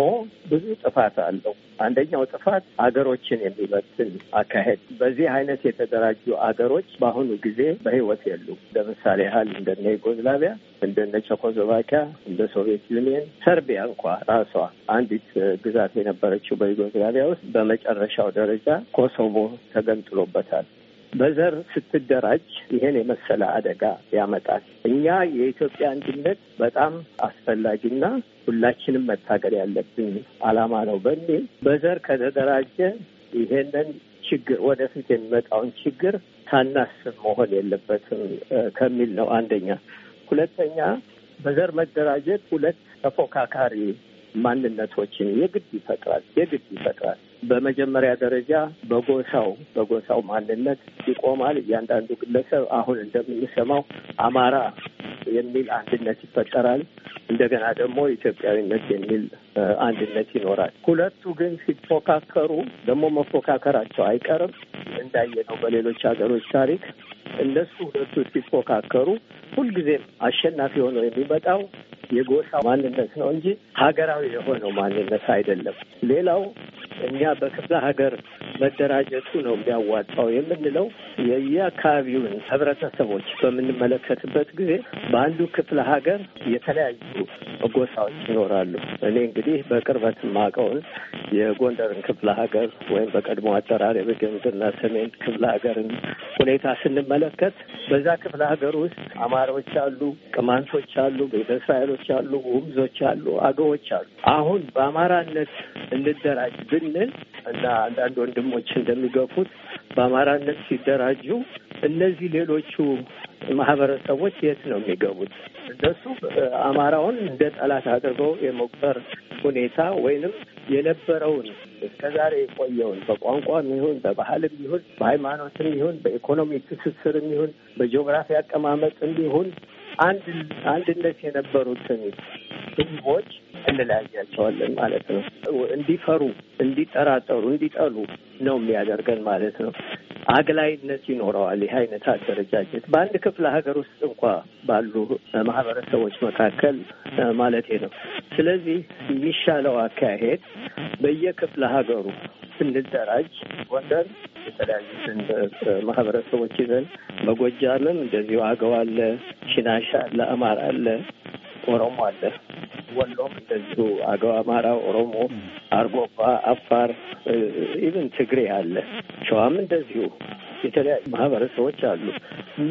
ብዙ ጥፋት አለው። አንደኛው ጥፋት አገሮችን የሚበትን አካሄድ። በዚህ አይነት የተደራጁ አገሮች በአሁኑ ጊዜ በህይወት የሉ። ለምሳሌ ያህል እንደነ ዩጎዝላቪያ፣ እንደነ ቸኮስሎቫኪያ፣ እንደ ሶቪየት ዩኒየን፣ ሰርቢያ እንኳ ራሷ አንዲት ግዛት የነበረችው በዩጎዝላቪያ ውስጥ በመጨረሻው ደረጃ ኮሶቮ ተገንጥሎበታል። በዘር ስትደራጅ ይሄን የመሰለ አደጋ ያመጣል። እኛ የኢትዮጵያ አንድነት በጣም አስፈላጊና ሁላችንም መታገል ያለብን ዓላማ ነው በሚል በዘር ከተደራጀ ይሄንን ችግር ወደፊት የሚመጣውን ችግር ሳናስብ መሆን የለበትም ከሚል ነው አንደኛ። ሁለተኛ በዘር መደራጀት ሁለት ተፎካካሪ ማንነቶችን የግድ ይፈጥራል የግድ ይፈጥራል። በመጀመሪያ ደረጃ በጎሳው በጎሳው ማንነት ይቆማል። እያንዳንዱ ግለሰብ አሁን እንደምንሰማው አማራ የሚል አንድነት ይፈጠራል። እንደገና ደግሞ ኢትዮጵያዊነት የሚል አንድነት ይኖራል። ሁለቱ ግን ሲፎካከሩ ደግሞ መፎካከራቸው አይቀርም። እንዳየነው በሌሎች ሀገሮች ታሪክ እነሱ ሁለቱ ሲፎካከሩ ሁልጊዜም አሸናፊ ሆነው የሚመጣው የጎሳ ማንነት ነው እንጂ ሀገራዊ የሆነው ማንነት አይደለም። ሌላው እኛ በክፍለ ሀገር መደራጀቱ ነው የሚያዋጣው የምንለው የየአካባቢውን ህብረተሰቦች በምንመለከትበት ጊዜ በአንዱ ክፍለ ሀገር የተለያዩ ጎሳዎች ይኖራሉ። እኔ እንግዲህ በቅርበት ማቀውን የጎንደርን ክፍለ ሀገር ወይም በቀድሞ አጠራር የበጌምድርና ሰሜን ክፍለ ሀገርን ሁኔታ ስንመለከት በዛ ክፍለ ሀገር ውስጥ አማሮች አሉ፣ ቅማንቶች አሉ፣ ቤተ እስራኤሎች አሉ፣ ውምዞች አሉ፣ አገዎች አሉ። አሁን በአማራነት እንደራጅ ብንል እና አንዳንድ ወንድሞች እንደሚገፉት በአማራነት ሲደራጁ እነዚህ ሌሎቹ ማህበረሰቦች የት ነው የሚገቡት? እነሱ አማራውን እንደ ጠላት አድርገው የመቁጠር ሁኔታ ወይንም የነበረውን እስከዛሬ የቆየውን በቋንቋም ይሁን በባህልም ይሁን በሃይማኖትም ይሁን በኢኮኖሚ ትስስርም ይሁን በጂኦግራፊ አቀማመጥም ይሁን አንድ አንድነት የነበሩትን ህዝቦች እንለያያቸዋለን ማለት ነው። እንዲፈሩ፣ እንዲጠራጠሩ፣ እንዲጠሉ ነው የሚያደርገን ማለት ነው። አግላይነት ይኖረዋል። ይህ አይነት አደረጃጀት በአንድ ክፍለ ሀገር ውስጥ እንኳ ባሉ ማህበረሰቦች መካከል ማለት ነው። ስለዚህ የሚሻለው አካሄድ በየክፍለ ሀገሩ ስንደራጅ ጎንደር የተለያዩትን ማህበረሰቦች ይዘን በጎጃምም እንደዚሁ አገው አለ፣ ሽናሻ አለ፣ አማራ አለ፣ ኦሮሞ አለ ወሎም እንደዚሁ አገው፣ አማራ፣ ኦሮሞ፣ አርጎባ፣ አፋር ኢቨን ትግሬ አለ። ሸዋም እንደዚሁ የተለያዩ ማህበረሰቦች አሉ።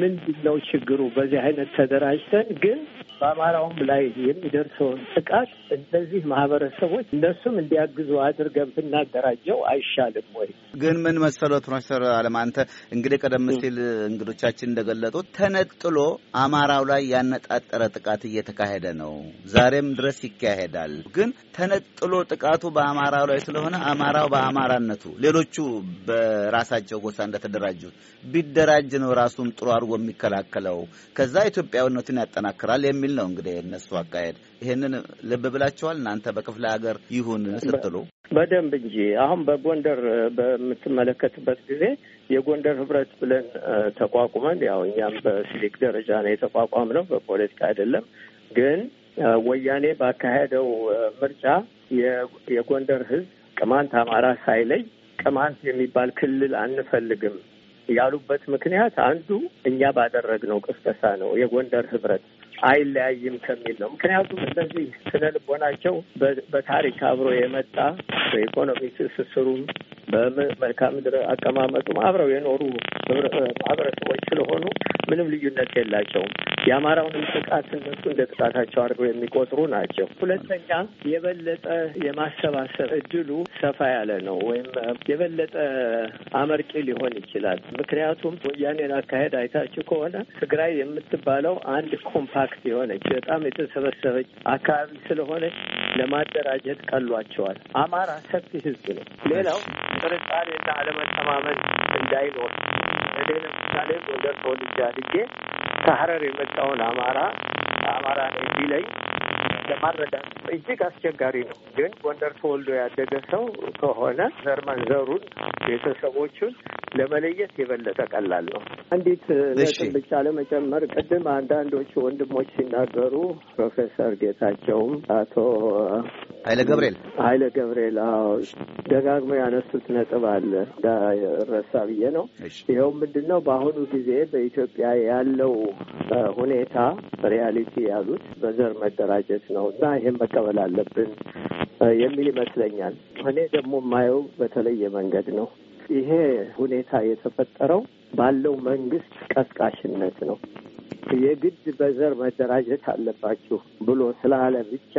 ምንድን ነው ችግሩ? በዚህ አይነት ተደራጅተን ግን በአማራውም ላይ የሚደርሰውን ጥቃት እነዚህ ማህበረሰቦች እነሱም እንዲያግዙ አድርገን ብናደራጀው አይሻልም ወይ? ግን ምን መሰለው ፕሮፌሰር አለም አንተ እንግዲህ ቀደም ሲል እንግዶቻችን እንደገለጡት ተነጥሎ አማራው ላይ ያነጣጠረ ጥቃት እየተካሄደ ነው። ዛሬም ድረስ ይካሄዳል። ግን ተነጥሎ ጥቃቱ በአማራው ላይ ስለሆነ አማራው በአማራነቱ ሌሎቹ በራሳቸው ጎሳ እንደተደራጁት ቢደራጅ ነው ራሱም ጥሩ አድርጎ የሚከላከለው። ከዛ ኢትዮጵያዊነቱን ያጠናክራል የሚ የሚል ነው እንግዲህ የእነሱ አካሄድ። ይህንን ልብ ብላችኋል እናንተ በክፍለ ሀገር ይሁን ስትሉ በደንብ እንጂ አሁን በጎንደር በምትመለከትበት ጊዜ የጎንደር ህብረት ብለን ተቋቁመን ያው እኛም በሲቪክ ደረጃ ነው የተቋቋም ነው በፖለቲካ አይደለም። ግን ወያኔ ባካሄደው ምርጫ የጎንደር ህዝብ ቅማንት፣ አማራ ሳይለይ ቅማንት የሚባል ክልል አንፈልግም ያሉበት ምክንያት አንዱ እኛ ባደረግነው ቅስቀሳ ነው የጎንደር ህብረት አይለያይም ከሚል ነው። ምክንያቱም እነዚህ ስነ ልቦናቸው በታሪክ አብሮ የመጣ በኢኮኖሚ ትስስሩም በመልክዓ ምድር አቀማመጡም አብረው የኖሩ ማህበረሰቦች ስለሆኑ ምንም ልዩነት የላቸውም። የአማራውንም ጥቃት እነሱ እንደ ጥቃታቸው አድርገው የሚቆጥሩ ናቸው። ሁለተኛ የበለጠ የማሰባሰብ እድሉ ሰፋ ያለ ነው፣ ወይም የበለጠ አመርቂ ሊሆን ይችላል። ምክንያቱም ወያኔን አካሄድ አይታችሁ ከሆነ ትግራይ የምትባለው አንድ ኮምፓ ኮምፓክት የሆነች በጣም የተሰበሰበች አካባቢ ስለሆነ ለማደራጀት ቀሏቸዋል። አማራ ሰፊ ህዝብ ነው። ሌላው ጥርጣሬና አለመተማመን እንዳይኖር እኔ ለምሳሌ ጎንደር ተወልጄ አድጌ ከሀረር የመጣውን አማራ አማራ ነው ቢለኝ ለማረዳት እጅግ አስቸጋሪ ነው። ግን ጎንደር ተወልዶ ያደገ ሰው ከሆነ ዘርማን ዘሩን ቤተሰቦቹን ለመለየት የበለጠ ቀላል ነው። አንዲት ነጥብ ብቻ ለመጨመር ቅድም አንዳንዶቹ ወንድሞች ሲናገሩ ፕሮፌሰር ጌታቸውም አቶ ኃይለ ገብርኤል ኃይለ ገብርኤል ደጋግሞ ያነሱት ነጥብ አለ ረሳ ብዬ ነው። ይኸው ምንድን ነው በአሁኑ ጊዜ በኢትዮጵያ ያለው ሁኔታ ሪያሊቲ ያሉት በዘር መደራጀት ነው ነው እና ይህም መቀበል አለብን የሚል ይመስለኛል። እኔ ደግሞ የማየው በተለየ መንገድ ነው። ይሄ ሁኔታ የተፈጠረው ባለው መንግስት ቀስቃሽነት ነው። የግድ በዘር መደራጀት አለባችሁ ብሎ ስላለ ብቻ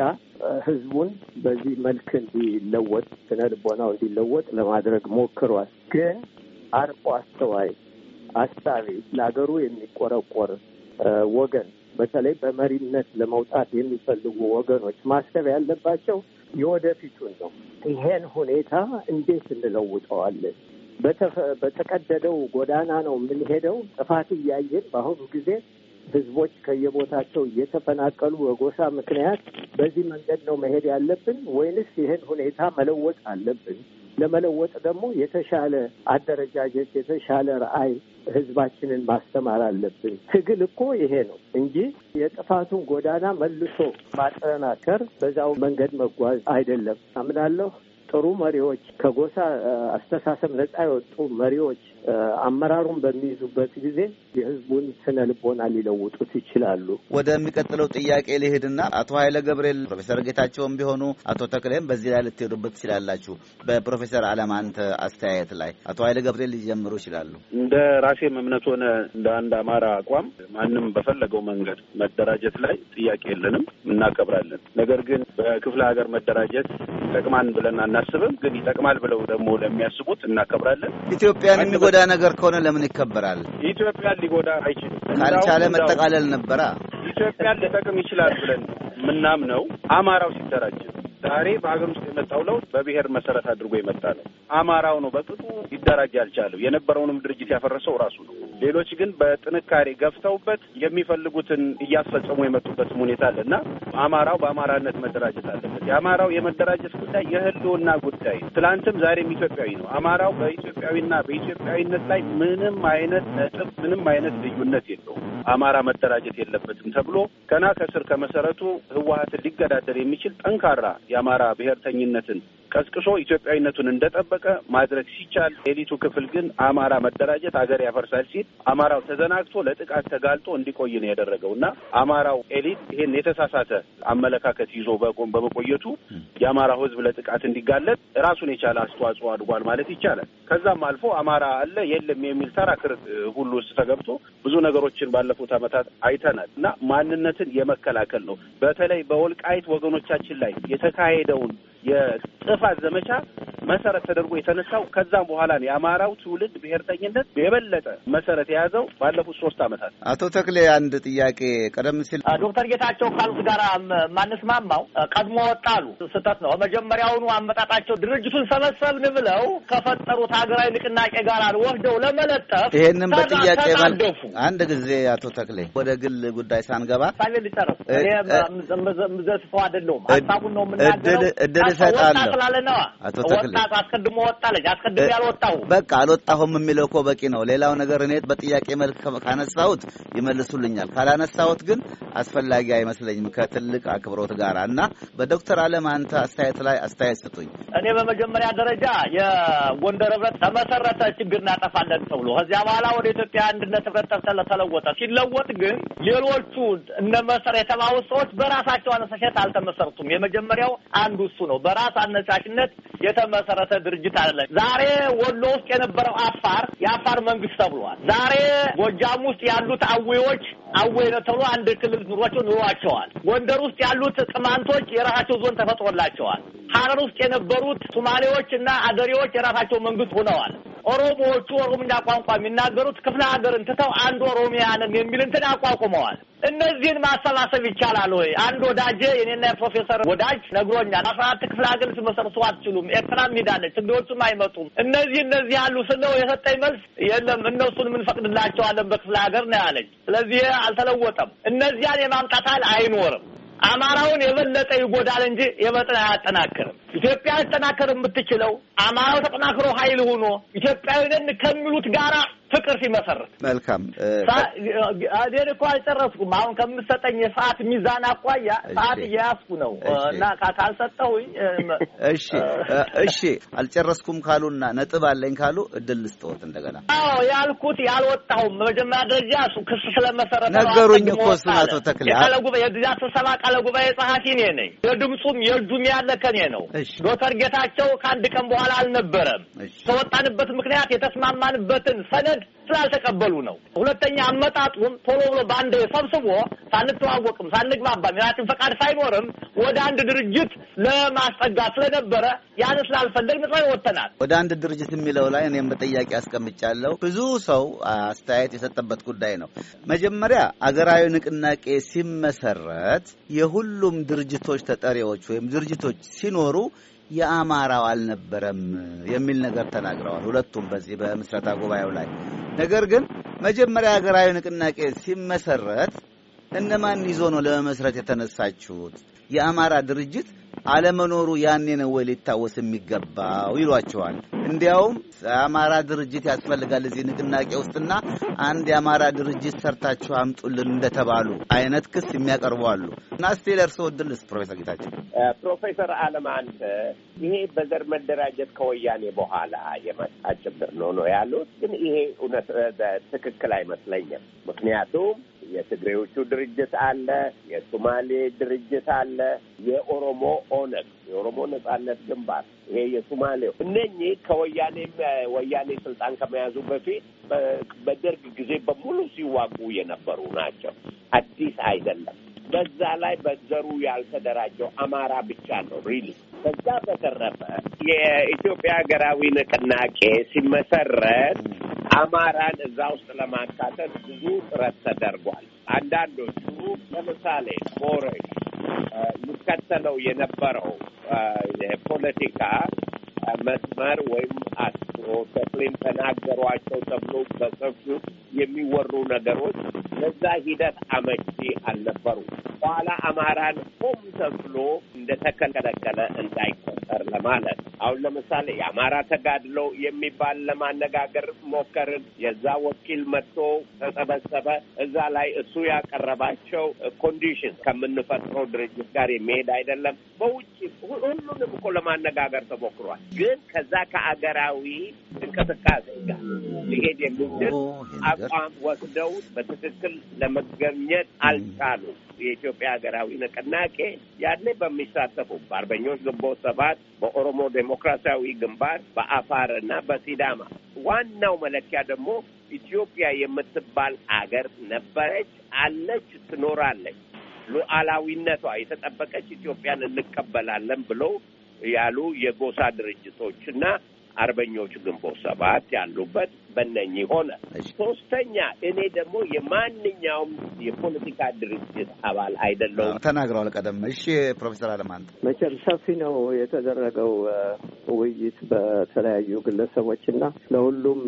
ህዝቡን በዚህ መልክ እንዲለወጥ ስነ ልቦናው እንዲለወጥ ለማድረግ ሞክሯል። ግን አርቆ አስተዋይ አሳቢ ለሀገሩ የሚቆረቆር ወገን በተለይ በመሪነት ለመውጣት የሚፈልጉ ወገኖች ማሰብ ያለባቸው የወደፊቱን ነው። ይሄን ሁኔታ እንዴት እንለውጠዋለን? በተቀደደው ጎዳና ነው የምንሄደው። ጥፋት እያየን በአሁኑ ጊዜ ህዝቦች ከየቦታቸው እየተፈናቀሉ በጎሳ ምክንያት በዚህ መንገድ ነው መሄድ ያለብን ወይንስ ይህን ሁኔታ መለወጥ አለብን ለመለወጥ ደግሞ የተሻለ አደረጃጀት፣ የተሻለ ረአይ ህዝባችንን ማስተማር አለብን። ትግል እኮ ይሄ ነው እንጂ የጥፋቱን ጎዳና መልሶ ማጠናከር በዛው መንገድ መጓዝ አይደለም አምናለሁ። ጥሩ መሪዎች፣ ከጎሳ አስተሳሰብ ነጻ የወጡ መሪዎች አመራሩን በሚይዙበት ጊዜ የህዝቡን ስነ ልቦና ሊለውጡት ይችላሉ። ወደሚቀጥለው ጥያቄ ልሄድና አቶ ኃይለ ገብርኤል ፕሮፌሰር ጌታቸውም ቢሆኑ አቶ ተክሌም በዚህ ላይ ልትሄዱበት ትችላላችሁ። በፕሮፌሰር አለማንተ አስተያየት ላይ አቶ ኃይለ ገብርኤል ሊጀምሩ ይችላሉ። እንደ ራሴም እምነት ሆነ እንደ አንድ አማራ አቋም ማንም በፈለገው መንገድ መደራጀት ላይ ጥያቄ የለንም፣ እናከብራለን። ነገር ግን በክፍለ ሀገር መደራጀት ጠቅማን ብለን አናስብም። ግን ይጠቅማል ብለው ደግሞ ለሚያስቡት እናከብራለን። ኢትዮጵያን የሚጎዳ ነገር ከሆነ ለምን ይከበራል? ኢትዮጵያን ሊጎዳ አይችልም። ካልቻለ መጠቃለል ነበራ። ኢትዮጵያን ሊጠቅም ይችላል ብለን ምናምነው አማራው ሲደራጅ ዛሬ በሀገር ውስጥ የመጣው ለውጥ በብሔር መሰረት አድርጎ የመጣ ነው። አማራው ነው በቅጡ ሊደራጅ ያልቻለው። የነበረውንም ድርጅት ያፈረሰው ራሱ ነው። ሌሎች ግን በጥንካሬ ገፍተውበት የሚፈልጉትን እያስፈጸሙ የመጡበትም ሁኔታ አለ እና አማራው በአማራነት መደራጀት አለበት። የአማራው የመደራጀት ጉዳይ የህልውና ጉዳይ ትላንትም ዛሬም ኢትዮጵያዊ ነው። አማራው በኢትዮጵያዊና በኢትዮጵያዊነት ላይ ምንም አይነት ነጥብ፣ ምንም አይነት ልዩነት የለውም። አማራ መደራጀት የለበትም ተብሎ ገና ከስር ከመሰረቱ ህወሀትን ሊገዳደር የሚችል ጠንካራ የአማራ ብሔርተኝነትን ቀስቅሶ ኢትዮጵያዊነቱን እንደጠበቀ ማድረግ ሲቻል፣ ኤሊቱ ክፍል ግን አማራ መደራጀት አገር ያፈርሳል ሲል አማራው ተዘናግቶ ለጥቃት ተጋልጦ እንዲቆይ ነው ያደረገው እና አማራው ኤሊት ይሄን የተሳሳተ አመለካከት ይዞ በመቆየቱ የአማራው ህዝብ ለጥቃት እንዲጋለጥ ራሱን የቻለ አስተዋጽኦ አድጓል ማለት ይቻላል። ከዛም አልፎ አማራ አለ የለም የሚል ተራ ክር ሁሉ ውስጥ ተገብቶ ብዙ ነገሮችን ባለፉት ዓመታት አይተናል እና ማንነትን የመከላከል ነው። በተለይ በወልቃይት ወገኖቻችን ላይ የተካሄደውን የጥፋት ዘመቻ መሰረት ተደርጎ የተነሳው ከዛም በኋላ ነው። የአማራው ትውልድ ብሔርተኝነት የበለጠ መሰረት የያዘው ባለፉት ሶስት አመታት አቶ ተክሌ አንድ ጥያቄ ቀደም ሲል ዶክተር ጌታቸው ካሉት ጋር ማንስማማው ቀድሞ ወጣሉ ስህተት ነው። መጀመሪያውኑ አመጣጣቸው ድርጅቱን ሰበሰብን ብለው ከፈጠሩት ሀገራዊ ንቅናቄ ጋር ወስደው ለመለጠፍ ይሄንም በጥያቄ አንድ ጊዜ አቶ ተክሌ ወደ ግል ጉዳይ ሳንገባ ሳሜ ሊጠረፍ ዘስፈው አደለውም ሀሳቡን ነው የምናገረው ፍቃድ እሰጣለሁ አቶ ተክሌ አስቀድሞ ወጣ ልጅ አስቀድሞ ያልወጣው በቃ አልወጣሁም የሚለው እኮ በቂ ነው። ሌላው ነገር እኔ በጥያቄ መልክ ካነሳሁት ይመልሱልኛል፣ ካላነሳሁት ግን አስፈላጊ አይመስለኝም ከትልቅ አክብሮት ጋር እና በዶክተር አለም አንተ አስተያየት ላይ አስተያየት ስጡኝ። እኔ በመጀመሪያ ደረጃ የጎንደር ህብረት ተመሰረተ ችግር እናጠፋለን ተብሎ ከዚያ በኋላ ወደ ኢትዮጵያ አንድነት ህብረት ተለወጠ። ሲለወጥ ግን ሌሎቹ እነ መሰረት የተባሉ ሰዎች በራሳቸው አነሳሸት አልተመሰረቱም። የመጀመሪያው አንዱ እሱ ነው። በራስ አነሳሽነት የተመሰረተ ድርጅት አይደለም። ዛሬ ወሎ ውስጥ የነበረው አፋር የአፋር መንግስት ተብሏል። ዛሬ ጎጃም ውስጥ ያሉት አዌዎች አዌ ነው ተብሎ አንድ ክልል ኑሯቸው ኑሯቸዋል። ጎንደር ውስጥ ያሉት ቅማንቶች የራሳቸው ዞን ተፈጥሮላቸዋል። ሀረር ውስጥ የነበሩት ሱማሌዎች እና አገሬዎች የራሳቸው መንግስት ሆነዋል። ኦሮሞዎቹ ኦሮምኛ ቋንቋ የሚናገሩት ክፍለ ሀገርን ትተው አንድ ኦሮሚያ ነን የሚል እንትን አቋቁመዋል። እነዚህን ማሰባሰብ ይቻላል ወይ? አንድ ወዳጄ የኔና የፕሮፌሰር ወዳጅ ነግሮኛል። አስራ አራት ክፍለ ሀገር ልትመሰርቱ አትችሉም፣ ኤርትራም ሄዳለች፣ ትግሬዎቹም አይመጡም። እነዚህ እነዚህ ያሉ ስለው የሰጠኝ መልስ የለም እነሱን የምንፈቅድላቸዋለን በክፍለ ሀገር ነው ያለኝ። ስለዚህ አልተለወጠም። እነዚያን የማምጣት ኃይል አይኖርም። አማራውን የበለጠ ይጎዳል እንጂ የበለጠ አያጠናክርም። ኢትዮጵያ ያጠናከር የምትችለው አማራው ተጠናክሮ ኃይል ሆኖ ኢትዮጵያዊንን ከሚሉት ጋራ ፍቅር ሲመሰርት መልካም። እኔን እኮ አልጨረስኩም። አሁን ከምሰጠኝ የሰዓት ሚዛን አኳያ ሰዓት እየያዝኩ ነው እና ካልሰጠሁኝ እሺ፣ እሺ አልጨረስኩም ካሉና ነጥብ አለኝ ካሉ እድል ልስጥዎት እንደገና። አዎ ያልኩት ያልወጣሁም መጀመሪያ ደረጃ እሱ ክስ ስለመሰረተ ነገሩኝ እኮ እሱን አቶ ተክሌ የዚያ ስብሰባ ቃለ ጉባኤ ጸሐፊ እኔ ነኝ። የድምፁም የእጁም ያለ ከኔ ነው። ዶክተር ጌታቸው ከአንድ ቀን በኋላ አልነበረም። ተወጣንበት ምክንያት የተስማማንበትን ሰነድ መንገድ ስላልተቀበሉ ነው። ሁለተኛ አመጣጡም ቶሎ ብሎ በአንድ ሰብስቦ ሳንተዋወቅም ሳንግባባም የራችን ፈቃድ ሳይኖርም ወደ አንድ ድርጅት ለማስጠጋት ስለነበረ ያን ስላልፈለግ ምጽ ወጥተናል። ወደ አንድ ድርጅት የሚለው ላይ እኔም በጥያቄ አስቀምጫለሁ። ብዙ ሰው አስተያየት የሰጠበት ጉዳይ ነው። መጀመሪያ አገራዊ ንቅናቄ ሲመሰረት የሁሉም ድርጅቶች ተጠሪዎች ወይም ድርጅቶች ሲኖሩ የአማራው አልነበረም የሚል ነገር ተናግረዋል። ሁለቱም በዚህ በምስረታ ጉባኤው ላይ ነገር ግን መጀመሪያ ሀገራዊ ንቅናቄ ሲመሰረት እነማን ይዞ ነው ለመመስረት የተነሳችሁት? የአማራ ድርጅት አለመኖሩ ያኔ ነው ወይ ሊታወስ የሚገባው ይሏቸዋል። እንዲያውም የአማራ ድርጅት ያስፈልጋል እዚህ ንቅናቄ ውስጥና አንድ የአማራ ድርጅት ሰርታችሁ አምጡልን እንደተባሉ አይነት ክስ የሚያቀርቡ አሉ። እና እስቲ ለእርስዎ እድልስ ፕሮፌሰር ጌታቸው ፕሮፌሰር አለም አንተ ይሄ በዘር መደራጀት ከወያኔ በኋላ የመጣ ችግር ነው ነው ያሉት። ግን ይሄ እውነት ትክክል አይመስለኝም። ምክንያቱም የትግሬዎቹ ድርጅት አለ፣ የሶማሌ ድርጅት አለ፣ የኦሮሞ ኦነግ፣ የኦሮሞ ነጻነት ግንባር ይሄ የሱማሌው እነኚህ ከወያኔ ወያኔ ስልጣን ከመያዙ በፊት በደርግ ጊዜ በሙሉ ሲዋጉ የነበሩ ናቸው። አዲስ አይደለም። በዛ ላይ በዘሩ ያልተደራጀው አማራ ብቻ ነው ሪሊ። በዛ በተረፈ የኢትዮጵያ ሀገራዊ ንቅናቄ ሲመሰረት አማራን እዛ ውስጥ ለማካተት ብዙ ጥረት ተደርጓል። አንዳንዶቹ ለምሳሌ ሞረሽ ይከተለው የነበረው ፖለቲካ መስመር ወይም አስሮ ተክሌም ተናገሯቸው ተብሎ በሰፊው የሚወሩ ነገሮች ለዛ ሂደት አመቺ አልነበሩ። በኋላ አማራን ሆም ተብሎ እንደተከለከለ እንዳይቆጠር ለማለት አሁን ለምሳሌ የአማራ ተጋድሎ የሚባል ለማነጋገር ሞከርን። የዛ ወኪል መጥቶ ተሰበሰበ። እዛ ላይ እሱ ያቀረባቸው ኮንዲሽን ከምንፈጥረው ድርጅት ጋር የሚሄድ አይደለም። በውጭ ሁሉንም እኮ ለማነጋገር ተሞክሯል። ግን ከዛ ከአገራዊ እንቅስቃሴ ጋር ሊሄድ የሚችል አቋም ወስደው በትክክል ለመገኘት አልቻሉም። የኢትዮጵያ ሀገራዊ ንቅናቄ ያኔ በሚሳተፉ በአርበኞች ግንቦት ሰባት፣ በኦሮሞ ዴሞክራሲያዊ ግንባር፣ በአፋር እና በሲዳማ ዋናው መለኪያ ደግሞ ኢትዮጵያ የምትባል አገር ነበረች፣ አለች፣ ትኖራለች ሉዓላዊነቷ የተጠበቀች ኢትዮጵያን እንቀበላለን ብሎ ያሉ የጎሳ ድርጅቶች እና አርበኞች ግንቦት ሰባት ያሉበት በነኝ ሆነ። ሶስተኛ እኔ ደግሞ የማንኛውም የፖለቲካ ድርጅት አባል አይደለሁም። ተናግረዋል ቀደም። እሺ ፕሮፌሰር አለማንት መቼም ሰፊ ነው የተደረገው ውይይት በተለያዩ ግለሰቦች እና ለሁሉም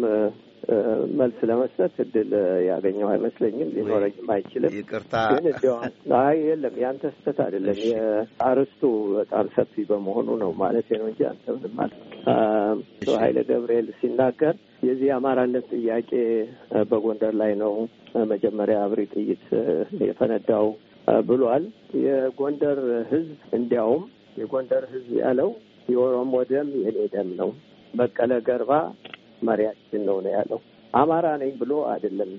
መልስ ለመስጠት እድል ያገኘው አይመስለኝም፣ ሊኖረኝም አይችልም። ይቅርታ ግን አይ የለም ያንተ ስህተት አይደለም። የአርስቱ በጣም ሰፊ በመሆኑ ነው ማለት ነው እንጂ አንተ ምንም አለ ኃይለ ገብርኤል ሲናገር የዚህ የአማራነት ጥያቄ በጎንደር ላይ ነው መጀመሪያ አብሪ ጥይት የፈነዳው ብሏል። የጎንደር ህዝብ እንዲያውም የጎንደር ህዝብ ያለው የኦሮሞ ደም የኔ ደም ነው። በቀለ ገርባ መሪያችን ነው ነው ያለው። አማራ ነኝ ብሎ አይደለም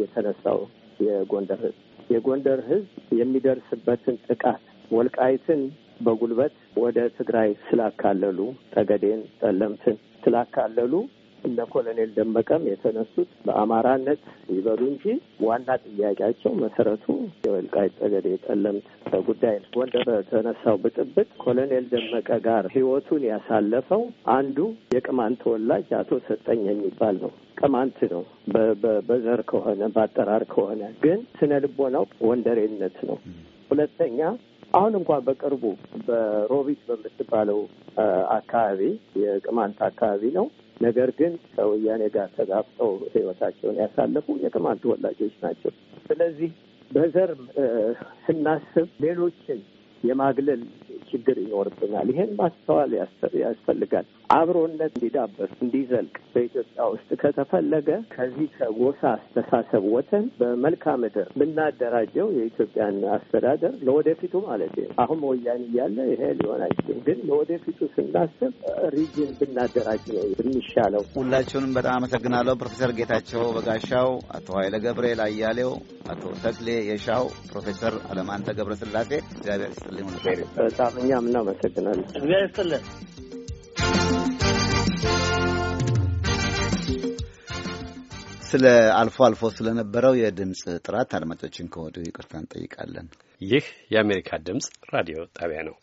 የተነሳው የጎንደር ህዝብ። የጎንደር ህዝብ የሚደርስበትን ጥቃት ወልቃይትን በጉልበት ወደ ትግራይ ስላካለሉ፣ ጠገዴን፣ ጠለምትን ስላካለሉ እነ ኮሎኔል ደመቀም የተነሱት በአማራነት ይበሉ እንጂ ዋና ጥያቄያቸው መሰረቱ የወልቃይት ጠገዴ ጠለምት ጉዳይ ነው። ወንደ በተነሳው ብጥብጥ ኮሎኔል ደመቀ ጋር ህይወቱን ያሳለፈው አንዱ የቅማንት ተወላጅ አቶ ሰጠኝ የሚባል ነው። ቅማንት ነው በዘር ከሆነ በአጠራር ከሆነ ግን ስነ ልቦናው ወንደሬነት ነው። ሁለተኛ አሁን እንኳን በቅርቡ በሮቢት በምትባለው አካባቢ የቅማንት አካባቢ ነው ነገር ግን ከወያኔ ጋር ተጋፍጠው ህይወታቸውን ያሳለፉ የቅማንት ተወላጆች ናቸው። ስለዚህ በዘር ስናስብ ሌሎችን የማግለል ችግር ይኖርብናል። ይሄን ማስተዋል ያስፈልጋል። አብሮነት እንዲዳበር እንዲዘልቅ በኢትዮጵያ ውስጥ ከተፈለገ ከዚህ ከጎሳ አስተሳሰብ ወተን በመልካ ምድር ብናደራጀው የኢትዮጵያን አስተዳደር ለወደፊቱ ማለት ነው። አሁን ወያኔ እያለ ይሄ ሊሆን አይችልም፣ ግን ለወደፊቱ ስናስብ ሪጅን ብናደራጅ ነው የሚሻለው። ሁላችሁንም በጣም አመሰግናለሁ። ፕሮፌሰር ጌታቸው በጋሻው፣ አቶ ኃይለ ገብርኤል አያሌው፣ አቶ ተክሌ የሻው፣ ፕሮፌሰር አለማንተ ገብረስላሴ እግዚአብሔር ይስጥልኝ። በጣም እኛም እናመሰግናለን። እግዚአብሔር ይስጥልን። ስለ አልፎ አልፎ ስለነበረው የድምፅ ጥራት አድማጮችን ከወዲሁ ይቅርታ እንጠይቃለን። ይህ የአሜሪካ ድምፅ ራዲዮ ጣቢያ ነው።